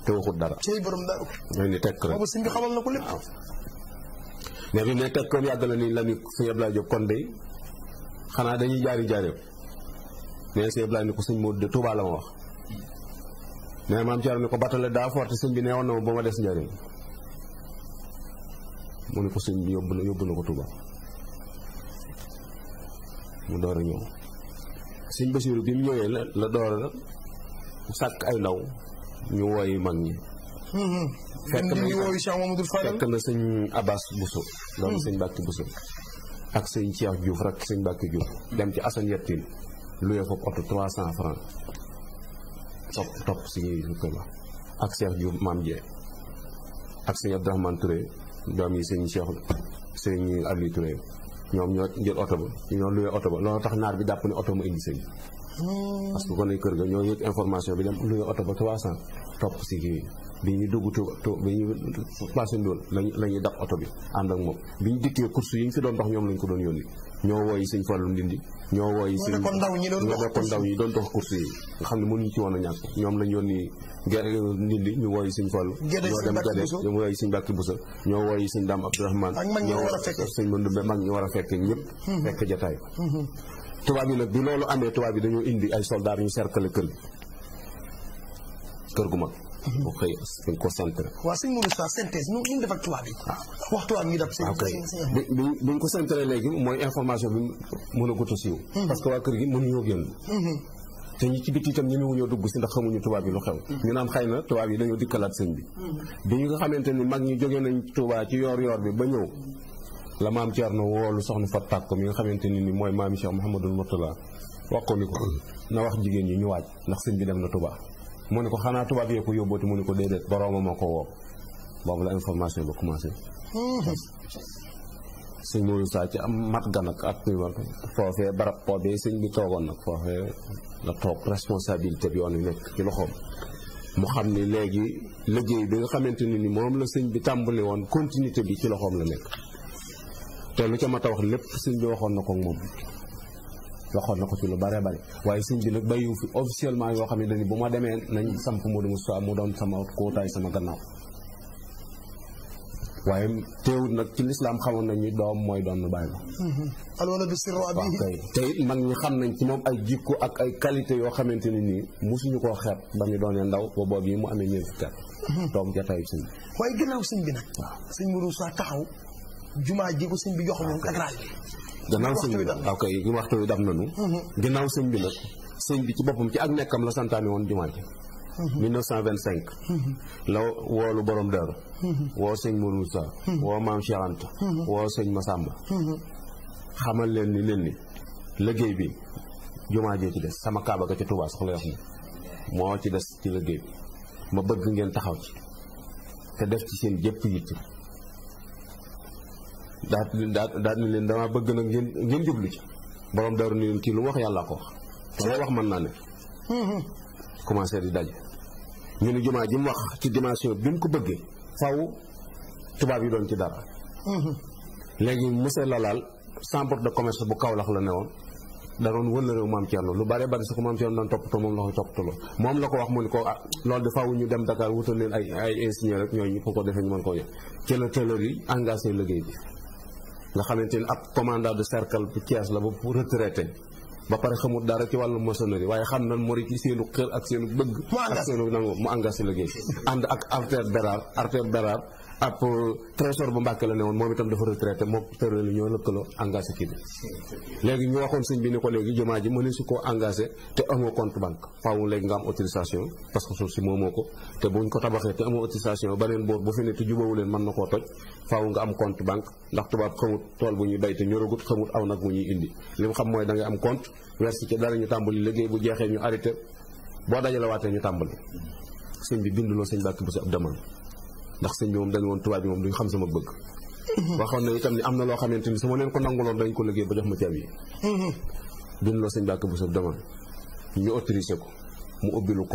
te waxut dara cey borom daru day ni tekk rek boobu sëñ ne tekk koon yàgg la ni la ni sëñ Abdoulaye Diop kon day xanaa dañuy jaari jaareem nee na sëñ ko sëñ mu de Touba la ma wax nee na maam Thierno ne ko batale daa forte sëñ bi nee woon na ma ba ma des njëriñ mu ne ko sëñ bi yóbbu na yóbbu na ko Touba mu door a ñëw sëñ Basiiru bi mu ñëwee la la door a sàkk ay ndaw ñu wooyi mag ñi hmm. fekk na fekk sëñ Abbas Bousso doon hmm. sëñ Bàkki Bousso ak sëñ Cheikh Diouf rak sëñ Bàkki Diouf dem ci Assane Yattin luwee foofu oto trois cent franc topp topp si ñuy Tuuba ak Cheikh Diouf Mame jee ak sëñ Abdourahmane Touré doom yi sëñ Cheikh sëñ Aliou Touré ñoom ñoo jël oto ba ñoo luwee oto ba loolu tax naar bi jàpp ne oto ma indi sëñ hmm. parce que kon kër ga ñoo yëg information bi dem luwee oto ba trois cent topp si kii bi ñu dugg tu bi ñu passé ndool lañu la ñuy dab oto bi ànd ak moom bi ñu dikkee course yi ñu fi doon dox ñoom lañ ko doon yónni ñoo wooyi sëñ Fallou Ndindi ñoo wooy si ñoo nekkoon ndaw ñi doon dox course yi nga xam ne mënuñ ci woon a ñàkk ñoom lañ yónni gerte nindi ñu wooy suñ Fallu ñoo dem gade ñu wooy suñ Bàkki Busa ñoo wooy suñ Daam Abdourahmane ñoo suñ Mandumbe mag ñu war a fekk ñëpp fekk jataay tubaab yi nag bi loolu amee tubaab yi dañoo indi ay soldaar ñu cercle kër kër gu mag bu xëy dañ ko centré. waaw sëñ Modou Sarr synthèse ñu ñu def ak tubaab yi. wax tubaab yi daf. ok bi ñu ko centré léegi mooy information bi mën a gudd siiw. Mhm. parce que waa kër gi mënuñoo génn. Mhm. te ñi ci biti itam ñi ñëwuñoo dugg si ndax xamuñu tubaab yi lu xew mhm. ñu naan xëy na tubaab yi dañoo dikkalaat sëñ bi bi ñu nga xamante ni mag ñi jógee nañ tubaa ci yoor yoor bi ba ñëw la maam Cerno woolu soxna fa tàkk mi nga xamante ni ni mooy maami Cheikh Mouhamadul Mourtala wax ko ni ko na wax jigéen ñi ñu waaj ndax sëñ bi dem na tubaa moo ne ko xanaa tubaab yee ko yóbbooti mu ne ko déedéet boroomam moo ko woo boobu la information bi commencé. sëñ moo saa ci am mat gan ak at mi foofee barab boobee sëñ bi toogoon nag foofee la toog responsabilité bi yoon wi nekk ci loxoom. mu xam ni léegi liggéey bi nga xamante ne ni moom la sëñ bi tàmbali woon continuité bi ci loxoom la nekk te lu ca mat a wax lépp sëñ bi waxoon na ko moom. waxoon na ko ci lu bare bare waaye sëñ bi nag bàyyiwu fi officiellement yoo xam ne dañu bu ma demee nañ samp Modou Moustapha mu doon sama kóotaay sama gannaaw waaye teewul nag ci lislaam xamoon nañ ni doom mooy doon nu bàyyi ba mm-hmm. alwala bi sirru abihi te it mag xam nañ moom ay jikko ak ay qualité yoo xamante ne nii mosuñu koo xeet ba ñu ndaw ba yi mu amee ñeent fukki at toog jataayu sëñ bi waaye gannaaw sëñ bi nag sëñ Modou Moustapha taxaw jumaa ji ko bi jox moom ak raaj bi gannaaw sëñ bi nag ok waxtu wi dab nañu mm-hmm. gannaaw sëñ bi sëñ bi ci boppam ci ak nekkam la santaane woon jumaa ji 1925 mm-hmm. mm-hmm. la woolu boroom daaru woo sëñ Mourou Sa woo maam Cheikh Anta woo sëñ Massamba xamal leen ni leen ni liggéey bi jumaa jee ci des sama kaaba ga ca Touba sax la wax ni moo ci des ci liggéey bi ma bëgg ngeen taxaw ci te def ci seen jëpp yitt daat daat ni leen damaa bëgg nag ngeen ngeen jublu ci borom daru ni leen kii lu wax yàlla ko wax loo wax mën naa ne commencé di daje ñu ni jumaa ji mu wax ci dimension bi mu ko bëggee faw tubaab yi doon ci dara léegi monsieur laal chambre de commerce bu Kaolack la ne woon da doon wëllëre maam Thierno lu bare bari su ko maam Thierno doon toppatoo moom la ko toppatoo moom la ko wax mu ni ko ah loolu de ñu dem Dakar wutal leen ay ay ingénieur rek ñooñu ko ko defee ñu mën koo ñëw ci la tëlër yi engagé nga xamante ni ab commandant de cercle bu Thiès la ba retraité ba pare xamul dara ci wàllu maçonnerie waaye xam na mori ci seenu xër ak seenu bëgg ak seenu nangu mu engagé liggéey ànd ak Arthur Bérard Arthur Bérard ab euh, trésor bu Mbàkke la ne woon moom itam dafa retraité moo tëral li ñoo lëkkaloo engagé kii bi léegi ñu waxoon sëñ bi ni ko léegi jumaa ji mënu ko engage engagé te amoo compte banque faaw léegi nga am autorisation parce que suuf si moomoo ko te buñ ko tabaxee te amoo autorisation beneen boobu bu fi ne te leen mën na koo toj faaw nga am compte banque ndax tubaab xamut tool bu ñuy bay te ñoragut xamut aw nag mu ñuy indi li mu xam mooy da ngay am compte verser ci dara ñu tàmbali liggéey bu jeexee ñu arrêté boo dajale waatee ñu tàmbali sëñ bi binduloo sëñ bàkk bu si ab demande ndax sëñ bi moom dañu woon tubaab bi moom duñ xam sama bëgg waxoon na itam ni am na loo xamante ni su ma leen ko nanguloon dañ ko liggéey ba jox ma ci ab yi binduloo sëñ bàkk bu si ab ñu autorisé ko mu ubbi lu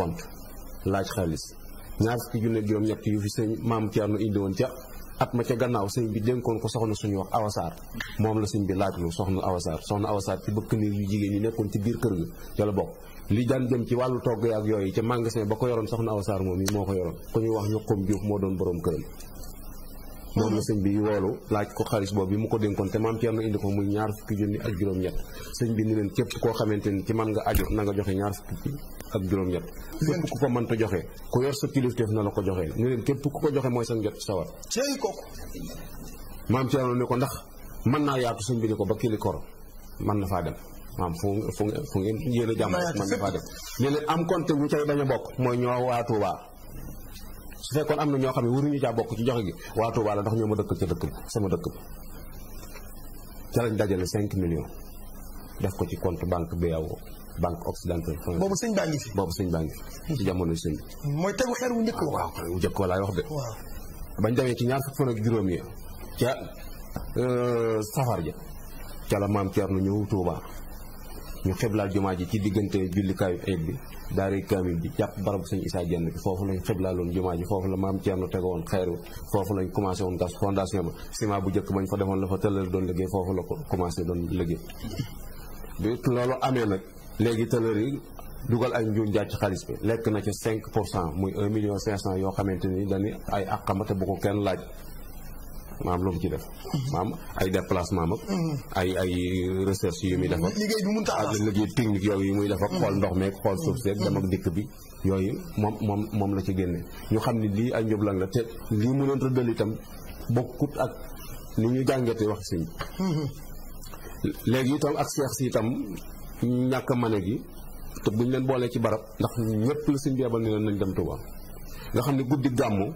laaj xaalis ñaar fukki junne maam Thierno indi woon ca at ma ca gannaaw sëñ bi dénkoon ko soxna suñu wax awasaar moom la sëñ bi laajlu soxna awasaar soxna awasaar ci bëkk niir yu jigéen ñi nekkoon ci biir kër ga ca la bokk li daan jëm ci wàllu togg ak yooyu ca magasin ba ko yoroon soxna awasaar moom yi moo ko yoroon ku ñuy wax ñu xom juuf moo doon borom këram moom la sëñ bi woolu laaj ko xaalis boobu bi mu ko dénkoon te maam Thierno indi ko muy ñaar fukki junni ak juróom-ñett sëñ bi ni leen képp koo xamante ni ci man nga aju na nga joxe ñaar ak juróom-ñett ku ko mënta joxe ku yor sa kilifteef la ko joxe ni leen képp ku ko joxe mooy sa njot sawar cey kooku maam ne ko ndax mën naa yaatu sëñ bi ni ko ba kili kor mën na faa dem maam fu fu fu ngeen yéen a jàmm mën na faa dem ne leen am compte bu cay bañ a bokk mooy ñoo waa Touba su fekkoon am na ñoo xam ne waruñu caa bokk ci joxe gi waa Touba la ndax ñoo ma dëkk ca dëkk bi sama dëkk bi ca lañ dajale cinq millions def ko ci compte banque BAO banque occidentale. boobu sëñ baa ngi fi boobu sëñ baa jamono sëñ bi. mooy tegu xeer wu njëkk la. laay wax de. waaw bañ demee ci ñaar fukki fan ak juróom yi ca euh, safar ja ca la maam Thierno ñëw Touba ñu xiblaal jumaa ji ci diggante jullikaayu ayib bi. daaray kaamil bi jàpp barabu sëñ Isaa Jenn bi foofu lañ xiblaaloon jumaa ji foofu la maam Ceerno tegoon xeer wi foofu lañ commencé woon gas fondation ba ciment bu njëkk bañ fa defoon la fa tëlal doon liggéey foofu la ko commencé doon liggéey bi loolu amee nag léegi tëlër yi dugal ay njuuñ jaaj ci xaalis bi lekk na ci 5 pour cent muy 1 million 500 yoo xamante ni dañu ay àqamate bu ko kenn laaj maam lu mu ci def maam ay déplacement mag mm-hmm. ay ay recherche yu muy def ak liggéey technique yooyu yu muy def ak mm-hmm. xool ndox meeg xool suuf seeg dem ak mm-hmm. dikk bi yooyu moom moom moom la ci génne ñu xam ne lii ay njublang la te lii mu doon rëddal itam bokkut ak ni ñu jàngate wax si léegi itam ak seex si itam ñàkk a mane gi te buñ leen boolee ci barab ndax ñëpp la suñ beebal ne leen nañ dem Tuuba nga xam ne guddi gàmmu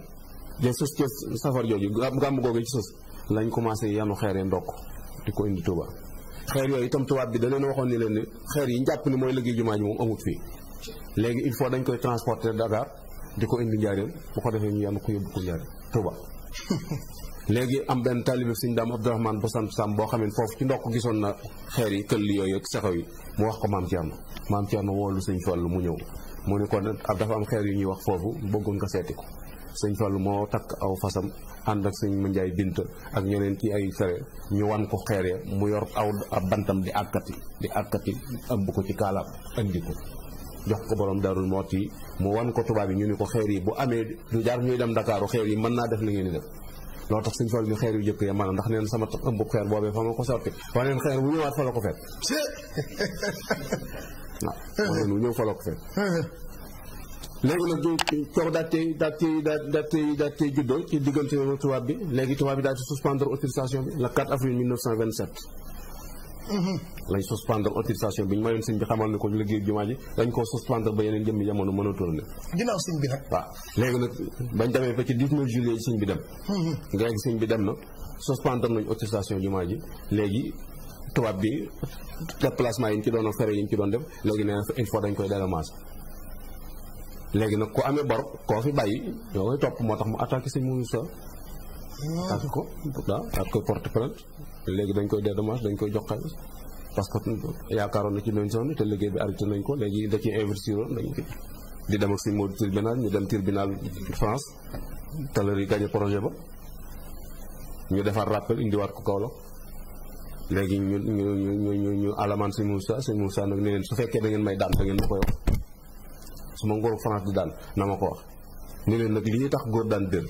day sës ca safar jooju gàmm googu ci sës lañ commencé yanu xeer yi ndokk di ko indi Touba xeer yooyu itam tubaab bi da waxoon ni leen ni xeer yi njàpp ni mooy liggéey jumaa ji moom amut léegi il faut dañ koy transporter Dakar di ko indi Njaaréem bu ko defee ñu yanu ko yóbbu ko Njaaréem Touba léegi am benn taalibe sëñ daam Abdourahmane ba sant Sam boo xam ne foofu ci ndokk gisoon na xeer yi këll yooyu ak saxaw yi mu wax ko maam Thierno maam Thierno woolu sëñ Fallu mu ñëw mu ni kon dafa am xeer yu ñuy wax foofu bëggoon nga seeti ko sëñ Fallu moo takk aw fasam ànd ak sëñ Mandiaye bint ak ñeneen ci ay fere ñu wan ko xeer mu yor aw ab bantam di àkkati di àkkati ëmb ko ci kaalaam andi ko jox ko borom darul moo yi mu wan ko tubaab yi ñu ni ko xeer yi bu amee du jaar ñuy dem Ndakaaru xeer yi mën naa def li ngeen def loo tax suñ Fallu ñu xeer yu jëkk ya maanaam ndax neen sama ëmb xeer boobee fa ma ko sotti wa neen xeer bu ñëwaat fa ko fet waaw wa neen bu ñëw fa ko fet léegi nag ñu coow daal tey daal tey daal tey daal tey juddoo ci diggante bi léegi tubaab bi daal di suspendre autorisation bi le 4 avril 1927. Mhm. lañ suspendre bi ñu mayoon sëñ bi xamal ko liggéey jumaa ji dañ koo suspendre ba yeneen jëmmi jamono mën a tourné. ginnaaw bañ demee ba ci 19 juillet sëñ bi dem. Mhm. nga yegg bi dem na suspendre nañ autorisation jumaa ji léegi. tubaab bi déplacement yi ñu ci doon fere yi ñu ci doon def léegi nee na il dañ koy dédommage léegi nag ku amee bor koo fi bàyyi yoo koy topp moo tax mu attaque sëñ Mourou Moussa. attaqué ko waaw attaqué ko porte plainte léegi dañ koy dédommage dañ koy jox xaalis parce que yaakaaroon na ci doon sonn te liggéey bi arrêté nañ ko léegi da ciy investir woon di dem ak sëñ Mourou tribunal ñu dem tribunal France Tallari gagné projet ba ñu defar rappel indiwaat ko Kaolack léegi ñu ñu ñu ñu ñu alamaan sëñ Moussa sëñ nag ne leen su fekkee da ngeen may daan da ngeen ma koy wax. su ma ngóor France di daan na ma ko wax ni leen nag li ñuy tax góor daan dër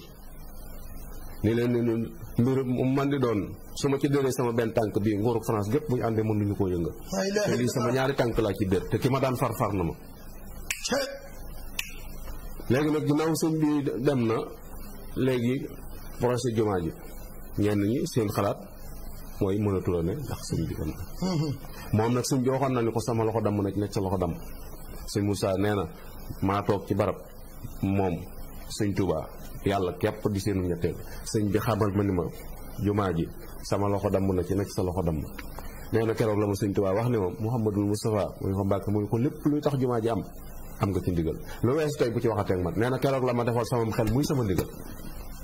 ni leen ne mbir man di doon su ma ci dëree sama benn tànk bii nguurug France gépp bu ñu àndee mënuñu koo yëngal te lii sama ñaari tànk laa ci dër te ki ma daan far far na ma léegi nag ginnaaw sëñ bi dem na léegi projet jumaa ji ñenn ñi seen xalaat mooy mënatula ne ndax sëñ bi dem mhm. moom nag sëñ bi waxoon na ni ko sama loxo damm na ci nekk sa loxo damm sëñ musaa nee na maa toog ci barab moom sëñ Touba yàlla képp di seenu ñetteel sëñ bi xamal ma ni ma jumaa ji sama loxo damm na ci nag sa loxo damm nee na keroog la ma sëñ Touba wax ne ma Mouhamadul Moustapha muy ko Mbàkke muy ko lépp luy tax jumaa ji am am nga ci ndigal lu weesu bu ci waxatee ak man nee na keroog la ma defal sama xel muy sama ndigal.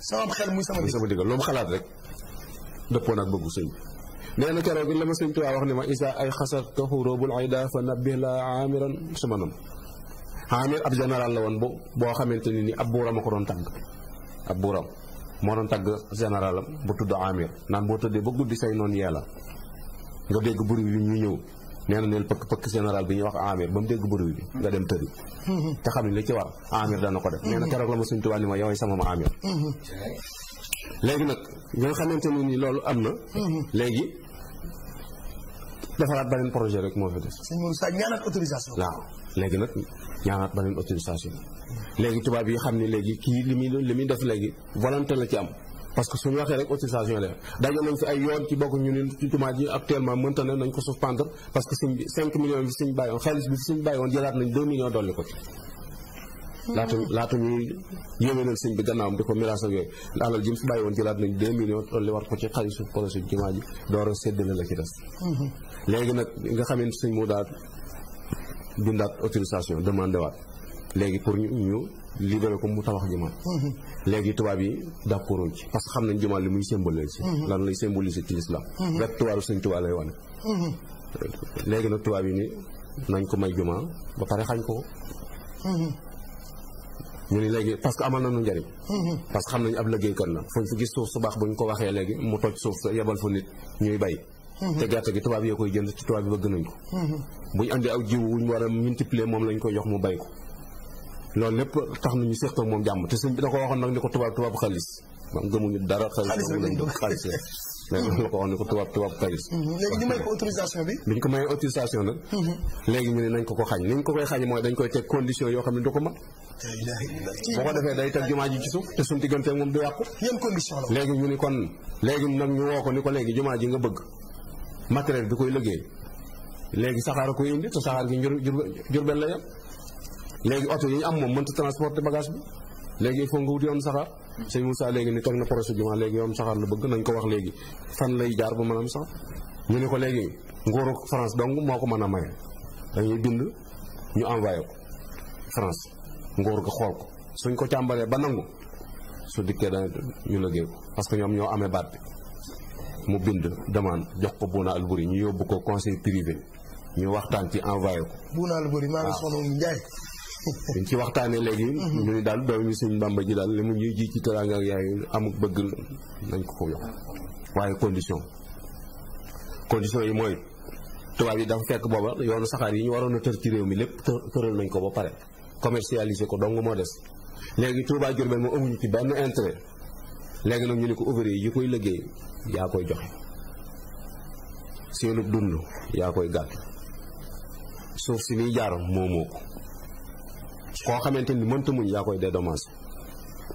sama xel muy sama ndigal muy sama ndigal lu mu xalaat rek dëppoon ak bëggu sëñ bi. nee na keroog la ma sëñ Tuubaa wax ne ma isa ay xasar kaxu roobul ayda fa nabbih la amiran sama noonu Amir ab général la woon bu boo xamante ne ni ab buuram a ko doon tàgg ab buuram moo doon tagg général bu tudd Amir naan boo tëddee ba guddi say noon yee la nga dégg bruit bi ñu ñëw nee na neel pëkk pëkk général bi ñuy wax Amir ba mu dégg bruit bi nga dem tëddi te xam ne li ci war Amir dana ko def nee na la ma suñ tubaab ni ma yoway sama ma Amir léegi nag nga xamante ne ni loolu am na léegi defaraat beneen projet rek moo fi def. sëñ Moussa ñaanaat autorisation. waaw léegi nag ñaanaat beneen autorisation léegi tubaab yi xam ni léegi kii li muy li muy def léegi volonté la ci am. parce que suñu waxee rek autorisation la daje nañ fi ay yoon ci bokk ñu ne ci tumaat yi actuellement mënta ne nañ ko suspendre parce que suñ bi 5 millions bi suñ bàyyoon xaalis bi suñ bàyyoon jëlaat nañ 2 millions dolli ko ci. laata laata ñuy yéwénal sëñ bi gannaawam di ko miraas ak yooyu alal ji mu fi bàyyi woon jëlaat nañ deux millions li war ko ci xaalisu projet jumaa ji door a séddale la ci des mhm. léegi nag nga xamee sëñ moo daal bindaat autorisation demandé waat léegi pour ñu ñu libéré ko mu tabax jumaa mhm. léegi tubaab yi d'accorduñ ci parce que xam nañ jumaa li muy si mhm. lan lay symboliser ci la rek tubaabu sëñ tubaab lay wane léegi nag tubaab yi ni nañ ko may jumaa ba pare xañ ko ñu ni léegi parce que amal nañu njëriñ mm-hmm. parce que xam nañu ab liggéeykat la fu ñu fi gis suuf su baax bu ñu ko waxee léegi mu toj suuf sa yebal fa nit ñuy bay mm-hmm. te gerte gi tubaab yee koy jënd ci tubaab yi bëgg nañ ko mm-hmm. bu ñu andi aw jiw wuñ war a multiplier moom lañu koy jox mu bay ko loolu lépp tax nañu seq ak moom jàmm te sëñ bi da ko waxoon nag ni ko tubaab tubaab xaalis moom gëmuñu dara xaalis lañ doon xaalis mais loolu la ko wax ne ko tubaab tubaab Paris. Mhm. léegi ñu may ko autorisation bi. bi ñu ko mayee autorisation nag. Mhm. léegi ñu ne nañ ko ko xañ ni ñu ko koy xañ mooy dañ koy teg condition yoo xam ne du ko mën. boo ko defee day teg jumaa ji ci suuf te suñu diggante moom du yàqu. yan condition la léegi ñu ni kon léegi nag ñu woo ko ni ko léegi jumaa ji nga bëgg matériel bi koy liggéey léegi saxaar a koy indi te saxaar gi jur jur benn la yem léegi oto yi ñu am moom mënta transporter bagage bi léegi il faut nga wuti yoon saxaar sëñ Moussa léegi ni teg na projet jumaa léegi yoom saxaar la bëgg nañ ko wax léegi fan lay jaar ba mën am sax ñu ne ko léegi nguuru France dong moo ko mën a may dañuy bind ñu envoyé ko France nguur ga xool ko suñ ko càmbaree ba nangu su dikkee dana ñu liggéey ko parce ñoom ñoo amee baat bi mu bind demande jox ko Bouna Albouri ñu yóbbu ko conseil privé ñu waxtaan ci envoyé ko. Bouna Albouri maa ngi soxla Ndiaye. dañ ci waxtaanee léegi. Mhm. ñu ni daal doomi Sëriñ Bàmba ji daal li mu ñuy jii ci teraanga ak yaay amul bëgg nañ ko ko yokk waaye condition condition yi mooy tubaab yi dafa fekk booba yoonu saxaar yi ñu waroon na tër ci réew mi lépp tëral nañ ko ba pare commercialiser ko dong moo des léegi Touba Diourbel moom amuñu ci benn intérêt léegi nag ñu ni ko ouvrier yi koy liggéey yaa koy joxe seenub dund yaa koy gàtt suuf si muy jaar moomoo koo xamante ni mënta muñ yaa koy dédommage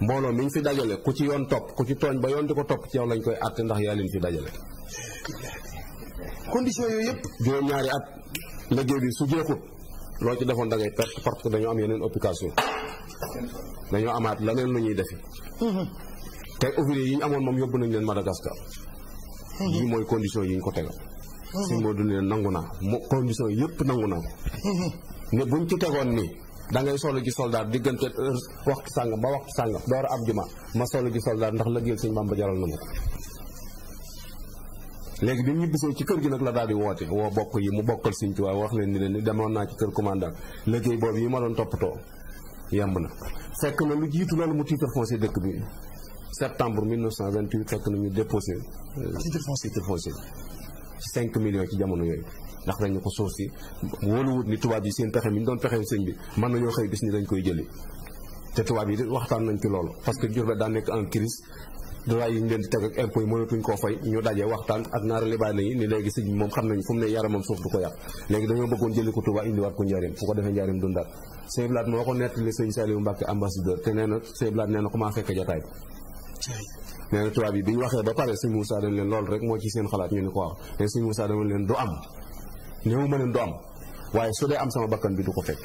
mbooloo mi ñu fi dajale ku ci yoon topp ku ci tooñ ba yoon di ko topp ci yow lañ koy àtte ndax yaa leen fi dajale. condition yooyu yëpp. juróom-ñaari at liggéey bi su jeexut loo ci defoon da ngay perte parce que dañoo am yeneen application dañoo amaat leneen lu ñuy defi. Mhm. te ouvrier yi ñu amoon moom yóbbu nañ leen Madagascar. Mhm. lii mooy condition yi ñu ko tegal. Mhm. suñ moo dund leen nangu naa mo condition yëpp nangu naa dangay ngay solo ji soldat diggante heure waxtu sàngam ba waxtu sàngam door ab am juma ma solo ji soldat ndax la jël suñu Bàmba jaral na ma ko léegi bi mu ñibbisee ci kër gi nag la daal di woote woo bokk yi mu bokkal Sëñ Tuubaa wax leen ni leen ni demoon naa ci kër commandant liggéey boobu yi ma doon toppatoo yemb na fekk na lu jiitu loolu mu titre foncier dëkk bi septembre 1928 fekk na ñu déposé euh, titre foncier 5 millions ci jamono yooyu ndax nañu ko suuf si wóoluwut ni tubaab yi seen pexe mi ñu doon pexeel sëñ bi mën nañoo xëy bis ni dañ koy jëli te tubaab yi waxtaan nañ ci loolu parce que Diourbel daa nekk en crise droit yi ñu leen di teg ak impôt yi mënatuñ ak naara libaane yi ni léegi sëñ xam nañ fu mu ne yaramam suuf du ko yàq léegi dañoo bëggoon jëli ko Touba indiwaat ko njaareem fu ko moo ko nettali sëñ Saliou Mbacke ambassadeur te nee sëñ Blaat nee na comment fekk jataay nee tubaab yi bi ñu waxee ba pare sëñ Moussa dañ leen loolu rek moo ci seen xalaat ñu ne ko waaw te sëñ Moussa dama leen du am néew ma ne du am waaye su dee am sama bakkan bi du ko fekk.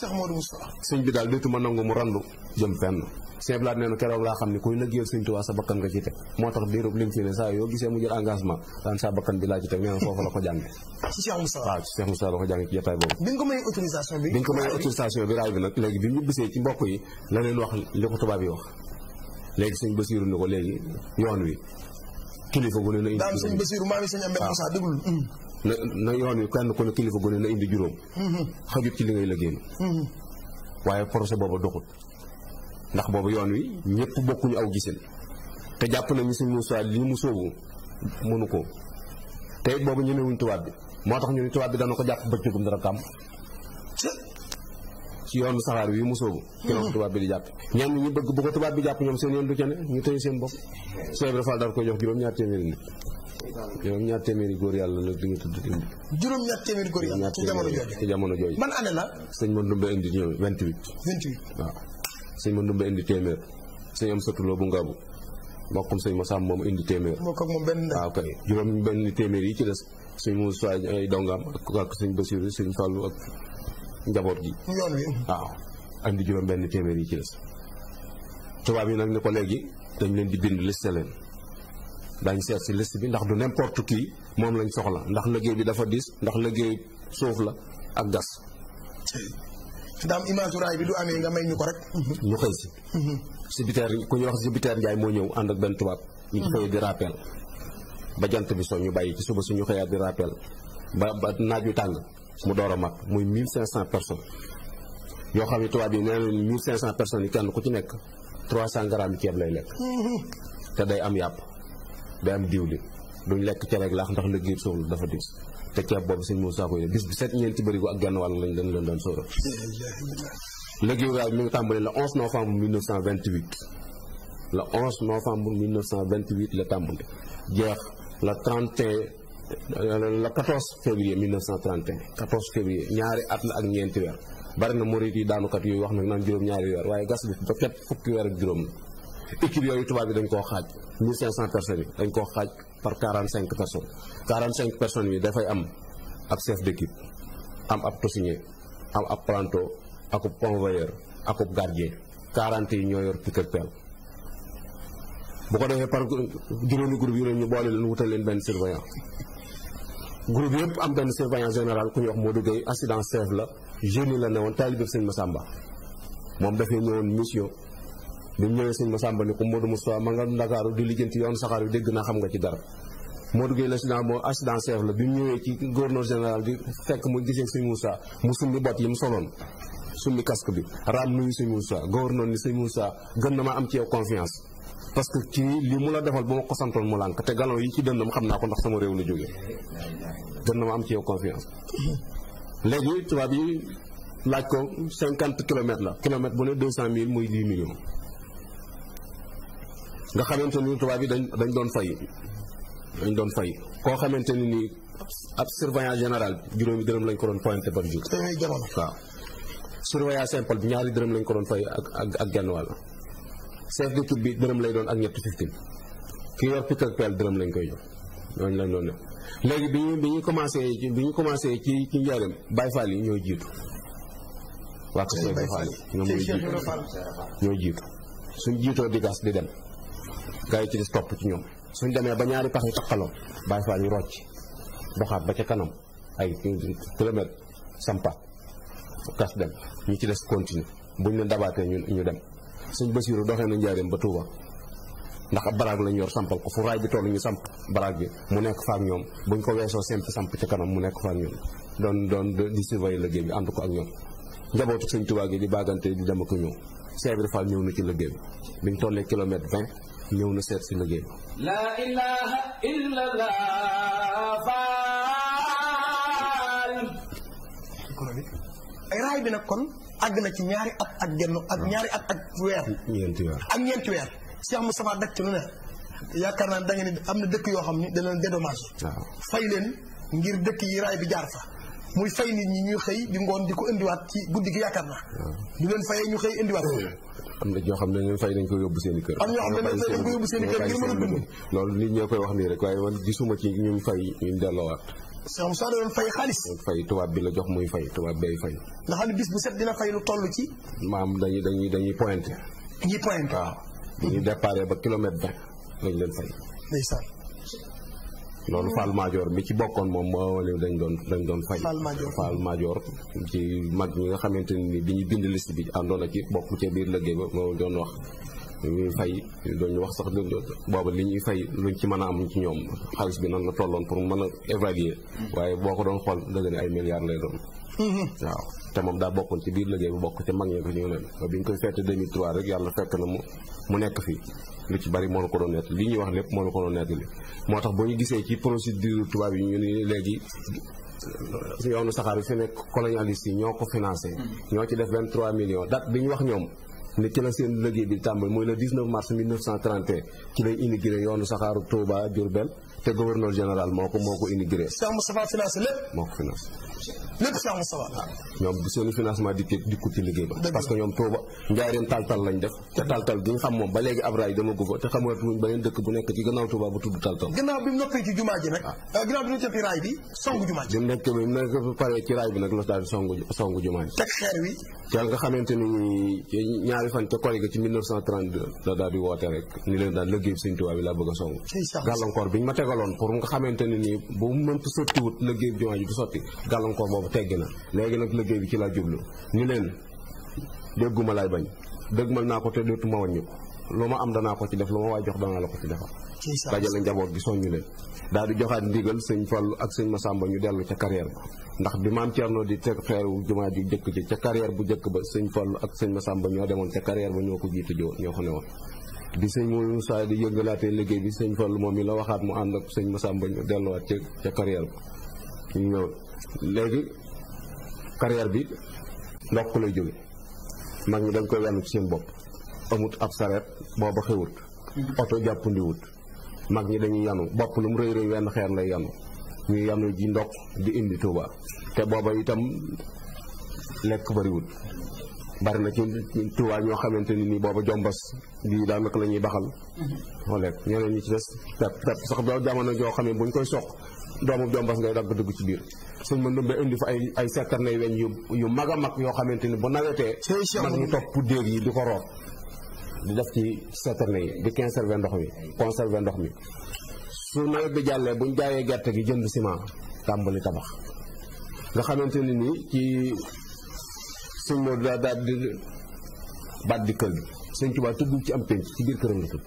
sax Modou Moustapha. sëñ bi daal déetuma nangu mu randu jëm fenn. sëñ Blaat nee na keroog laa xam ne kuy lëggéeyal sëñ Tuubaa sa bakkan nga ci teg moo tax diirub lim fi ne saa yoo gisee mu la ko jàng. ci Cheikh Moussa waaw ci Cheikh Moussa la bi nga ko mayee bi. bi bi raay bi nag léegi bi mu bisee ci mbokk yi la leen wax li ko tubaab yi wax ni ko léegi yoon wi kilifa gu na indi juróom sëñ Basiru maam yi sëñ Ambe ah. Moussa déglul hmm. na na yoon wi kenn ku ne kilifa gu na indi juróom hmm. xajut ci li ngay liggéey hmm. waaye projet booba doxut ndax boobu yoon wi ñëpp bokkuñu aw gisin te jàpp nañu sëñ Moussa li mu sóobu mënu ko te boobu ñemewuñ tubaab bi moo tax ñu ni tubaab bi dana ko jàpp bëccëgum dara kàmm ci yoon saxaar wi mu sóobu keroog mm-hmm. tubaab bi di jàpp bëgg bu ko tubaab bi jàpp ñoom seen yoon du ca ne ñu tey seen bopp Cheikh Ibra Fall daal koy jox juróom-ñaar téeméeri nit juróom-ñaar téeméeri góor ci jamono jooju ci jamono jooju man année la sëñ Mandoumbe indi ñëw 28 28 waaw sëñ Mandoumbe indi téeméer sëñ am satuloo moom indi téeméer waaw kay juróom benn ci des sëñ Moussa ay dongam ak sëñ Basiru sëñ ak njaboot gi. yoon wi waaw andi juróom benn téeméer yi ci des. tubaab yi nag ne ko léegi dañ leen di bind liste leen dañ seet si liste bi ndax du n'importe qui moom lañ soxla ndax liggéey bi dafa diis ndax liggéey suuf la ak gas. daam image raay bi du amee nga may ñu ko rek. ñu xëy si. Mhm. sibiteer ku ñuy wax sibiteer Njaay moo ñëw ànd ak benn tubaab. ñu mhm. xëyee di rappel. ba jant bi soo ñu bàyyi ci suba suñu xëyaat di rappel ba ba naaj wi tàng. mu door a mat muy 1500 personnes yoo xam ne tubaab yi nee nañ 1500 personnes yi kenn ku ci nekk 300 grammes yi ceeb lay lekk. te day am yàpp day am diwlin duñ lekk cere ak laax ndax liggéey soxla dafa diis te ceeb boobu sëñ Moussa koy ne bis bi set ñeenti bërigo ak genn wàll lañ leen doon sóora. liggéeyu daal mi ngi tàmbali le 11 novembre 1928 le 11 novembre 1928 la tàmbali jeex le 31. Euh, la 14 février 1931 14 février ñaari at la ak ñeenti weer bari na morit yi daanukat yooyu wax nag naan juróom-ñaari weer waaye gas bi ba képp fukki weer ak juróom équipe yooyu tubaab bi dañ koo xaaj 1500 personnes yi dañ koo xaaj par 45 personnes 45 personnes yi dafay am ab chef d'équipe am ab tosigné am ab planto akub convoyeur akub gardien 40 yi ñoo yor pick ak bu ko defee par juróomi groupe yu ne ñu boole leen wutal leen benn surveillant group yëpp am benn surveillant général ku ñuy wax Modou Gueye accident chef la jeune la ne woon taalibe sëñ Massamba moom dafay ñëwoon mission bi mu ñëwee sëñ Massamba ni ko Modou ma nga Ndakaaru di lijjanti yoon saxaar yu dégg naa xam nga ci dara Modou Gueye l'accident moom accident chef la bi mu ñëwee ci gouverneur général bi fekk mu gisee sëñ Moussa mu summi bot yi mu soloon summi casque bi raam nuyu sëñ Moussa gouverneur ni sëñ Moussa gën na ma am ci yow confiance parce que ci li mu la defal ba ma ko santoon mu lànk te galon yi ci dënnam xam naa ko ndax sama réew la jógee dënn ma am ci yow confiance léegi tubaab yi laaj ko cinquante kilomètres la kilomètre bu ne deux cent mille muy dix millions nga xamante ni tubaab yi dañ dañ doon fay dañ doon fay koo xamante ni nii ab surveillant général juróom juróomi dërëm lañ ko doon pointé ban jour waaw surveillant simple bi ñaari dërëm lañ ko doon fay ak ak genn wàll chef d'équipe bi dërëm lay doon ak ñetti fifteen ki yor picc dërëm lañ koy jox ñooñu lañ doon def léegi bi ñu bi ñu commencé ci bi ñu commencé ci ci njaareem Baye Fall yi ñoo jiitu. waa kër Cheikh Baye Fall yi ñoo jiitu ñoo jiitu suñ jiitoo di gas di dem gars ci des topp ci ñoom suñ demee ba ñaari pax yi takkaloo Baye Fall yi rocc doxaat ba ca kanam ay kilomètre sampa gas dem ñu ci des continue buñ leen dabaatee ñu ñu dem. sëñ Basiru doxee na njaareem ba Touba ndax ab baraag lañu yor sampal ko fu raay bi toll ñu samp baraag bi mu nekk fa ak ñoom buñ ko weesoo semp samp ci kanam mu nekk fa ñoom doon doon di surveiller liggéey bi ànd ko ak ñoom njabootu suñ Touba gi di baagante di dem ak ñëw ñëw na ci liggéey bi biñ tollee kilomètre 20 ñëw na seet si liggéey bi. la ilaha illallah faal. ay raay bi nag kon. àgg na ci ñaari at ak genn ak ñaari at ak weer. ñeenti weer ak ñeenti weer. Cheikh Moustapha dakk ci lu ne yaakaar naa da ngeen am na dëkk yoo xam ni dana leen dédommage. fay leen ngir dëkk yi raay bi jaar fa. muy fay nit ñi ñuy xëy di ngoon di ko indiwaat ci guddi gi yaakaar naa. du leen fayee ñu xëy indiwaat. am na ñoo xam ne ñoom fay nañ ko yóbbu seen i kër. am ñoo xam ne dañ ko yóbbu seen i kër ngir mën a dund. loolu nit ñoo koy wax nii rek waaye man gisuma ci ñun fay ñu delluwaat. soo Moussa da doon fay xaalis fay tubaab bi la jox muy fay tubaab bay fay nga xam ne bis bu set dina fay lu toll ci maam dañuy dañuy dañuy pointé dañuy pointé waaw dañuy déparé ba kilomètre vingt lañ leen fay ndeysaan loolu Fall Major mi ci bokkoon moom moo ne dañ doon dañ doon fay. Fall Major Fall ci mag ñi nga xamante ni bi ñu bind liste bi àndoon a ci bokk ci biir liggéey ba moo doon wax ñu ngi fay doon wax sax booba li ñuy fay ñu ci mën a am ci ñoom xaalis bi nan la tolloon pour mën a évaluer waaye boo ko doon xool dëgg ne ay milliards lay doon mm-hmm. waaw te moom daa bokkoon ci biir liggéey bi bokk ci mag ñee ko ñu leen ba bi ñu koy fête 2003 yàlla fekk na mu mu nekk fii lu ci bari moo la ko doon nett li ñuy wax lépp moo la ko doon nett moo tax boo ñu gisee ci procédure tubaab yi ñu ni léegi yoonu saxaar bi fi nekk colonialiste yi ñoo ko financé mm-hmm. ñoo ci def 23 millions date bi ñu wax ñoom ne ci la seen liggéey bi tàmbali mooy le 19 mars 1931 ci lay inauguré yoonu saxaaru Touba Diourbel te gouverneur général moo ko moo ko inauguré. Cheikh Moustapha financé ah, financement di dikku ci liggéey ba. parce que ñoom Touba njaareem taltal lañ def te taltal gi nga xam moom ba léegi Abraay dama gufa te xamatuñ beneen nekk ci gannaaw Touba bu tudd taltal. ginnaaw bi mu noppee ci ah. euh, songu jumaa ji. nekk ci raay bi nag la daal songu songu jumaa nga xamante ni ñaari ñaari fan ca korige ci 1932 la daal woote rek ni leen daal liggéey sëñ Tuubaa bi laa bëgg a song gàllankoor bi ñu ma tegaloon pour nga xamante ne nii bu mënta sottiwut liggéey bi jumaa ji du sotti gàllankoor boobu teggi na léegi nag liggéey bi ci laa jublu ni leen dégguma laay bañ dëgmal naa ko te ma wàññi lu ma am danaa ko ci def lu ma waay jox danaa la ko ci defal dajale njaboot bi soññu leen daal di joxaat ndigal sëñ Fallu ak sëñ ma ñu dellu ca carrière ndax bi maam Thierno di teg xeeru jumaa ji jëkk ji ca carrière bu jëkk ba sëñ Fall ak sëñ ba ñoo demoon ca carrière ba ñoo ko jiite joon ñoo fa newoon bi sëñ Moussa di yëngalaatee liggéey bi sëñ Fall moom mi la waxaat mu ànd ak sëñ Massamba delluwaat ca ca carrière ba ñu ñëw léegi carrière bi ndox lay jóge mag ñi dañ koy wàllu ci seen bopp amut ab sareet booba xewut mm-hmm. oto jàppandiwut mag ñi dañuy yanu bopp lu mu rëy rëy wenn xeer lay yanu ñuy yanu ji ndox di indi Touba te booba itam lekk bariwut bari na ci Touba ñoo xamante ni nii booba jombas bii daanaka la ñuy baxal mhm. moo lekk ñeneen ñi ci des sax ba jamono joo xam ne buñ koy soq doomu jombas ngay dagg dugg ci biir suñ mën dumbe indi fa ay ay sekkar nay weñ yu yu mag a mag yoo xamante ni bu nawetee mag ñu topp déeg yi di ko root di def ci sekkar na yi di conserver ndox mi conserver ndox mi su nawet bi jàllee buñ jaayee gerte gi jënd ciment tàmbali tabax nga xamante ne nii ci sëñ Modou daa daal di baat di kër gi sëñ Tuubaa tudd ci am pénc ci biir këram la tudd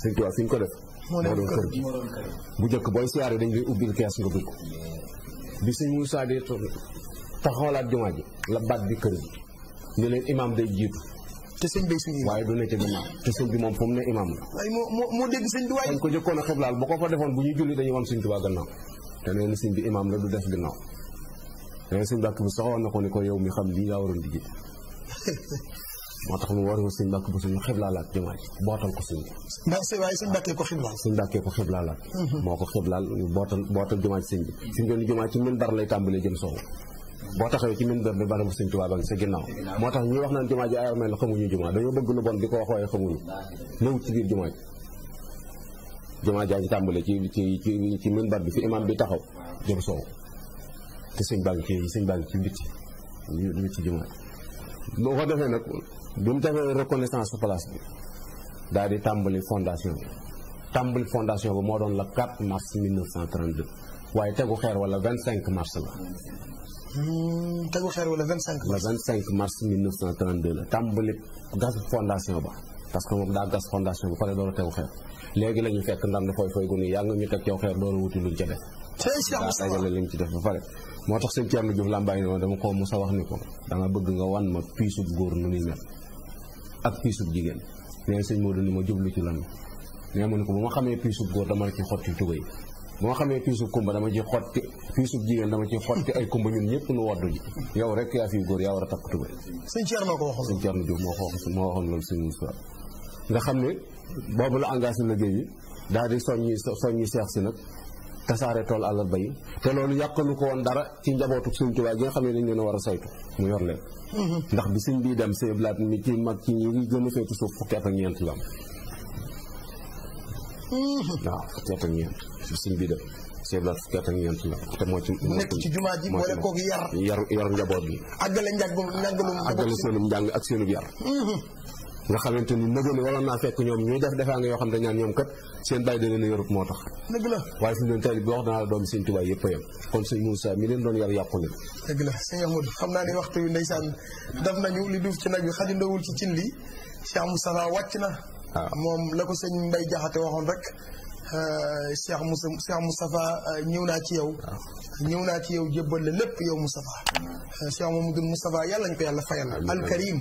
sëñ Tuubaa ko def moo doon kër gi bu njëkk booy siyaare dañu lay ubbil kees nga dugg bi sëñ Moussa di taxawalaat jumaa ji la baat di kër gi ni leen imaam day jiitu te sëñ bi suñu waaye du nekk ginnaaw moom fu mu ne imaam la waaye moo moo moo ko jëkkoon a xiblaal ba ko fa defoon bu ñuy julli dañuy wan sëñ Tuubaa gannaaw te nee na bi imaam la du def gannaaw leen sëñ bàkk bi soxoon na ko ni ko yow mi xam lii ngaa waroon di jiite moo tax mu waroon sëñ bàkk bu suñu xiblaalaat jumaa ji bootal ko sëñ bi ndax waaye sëñ bàkkee ko xiblaal sëñ bàkkee ko xiblaalaat mhm. moo ko xiblaal bootal bootal jumaa ji sëñ bi sëñ bi jumaa ci mën dara lay tàmbalee jëm soxla boo taxawee ci même dër bi barabu sëñ Tuubaa ba sa ginnaaw moo tax ñuy wax nañ jumaa ji ay armeel la xamuñu jumaa dañoo bëgg lu bon di ko wax waaye xamuñu néewut ci biir jumaa ji jumaa jaa ngi tàmbale ci ci ci ci minbar bi fi imam bi taxaw jëm soow te suñ baa ngi ci sëñ baa ngi ci mbit ñu ci jumaa boo ko defee nag bi mu defee reconnaissance place bi daal di tàmbali fondation bi tàmbali fondation bi moo doon la 4 mars 1932 waaye tegu xeer wala 25 mars la Hmm, tegu xeer wala 25. le 25 mars 1932 la tàmbali gas fondation ba parce que moom daa gas fondation ba pare door a tegu xeer léegi la ñu fekk ndam fooy fooy gu nii yaa ngi ñu teg caw wuti luñ ca def. ci def ba pare. moo tax sëñ Thierno Diouf Lambaye noonu dama ko mos a wax ni ko dama bëgg nga wan ma piisub góor nu muy mel ak piisub jigéen nee sëñ Modou ni ma jublu ci lan nee ma ni ko bu ma xamee piisub góor dama la ci xotti tubéy moo xamee piisub kumba dama ci xotti piisub jigéen dama ci xotti ay kumba ñun ñëpp nu waddu ji yow rek yaa fii góor yaa war a takk tubay sëñ Thierno ko waxoon moo ko waxoon moo nga xam ne boobu la engagé liggéey daal di soññi soññi seex si nag tasaare tool àllal bayi te loolu yàqanu ko woon dara ci njabootu sëñ Tuubaa gi nga xam ne dañ leen a war a saytu mu yor leen mm-hmm. ndax bi sëñ bii dem sëñ Blaat mi ci mag ci ñi gën a féetu suuf fukki at ak ñeent la waaw fukki at ak ñeent sëñ bi de sëñ bi fukki at ak ñeent la te moo ci mu nekk ci jumaa ji boole kooku yar yar yar njaboot bi àggale njàngum njàngalum àggale seenum njàng ak seenub yar mm-hmm. nga xamante ni nëgëni waroon naa fekk ñoom ñuy def defaa nga yoo xam ne ñaan ñoom kat seen bàyyi da leen a yorut moo tax dëgg la waaye suñu leen tey bi wax naa la doom sëñ Tuubaa yëpp a yem kon sëñ Moussa mi leen doon yar yàqu leen dëgg la sëñ Amadou xam naa ne waxtu wi ndeysaan daf nañu li duuf ci nag bi xadi ndawul ci cin li Cheikh Moussa wàcc na moom la ko sëñ Mbay Jaxate waxoon rek euh, Cheikh Moussa Cheikh Moustapha euh, ñëw naa ci yow ñëw naa ci yow jébbal la lépp yow Moustapha euh, Cheikh Mamadou Moustapha yàlla ñu ko yàlla fayal alkarim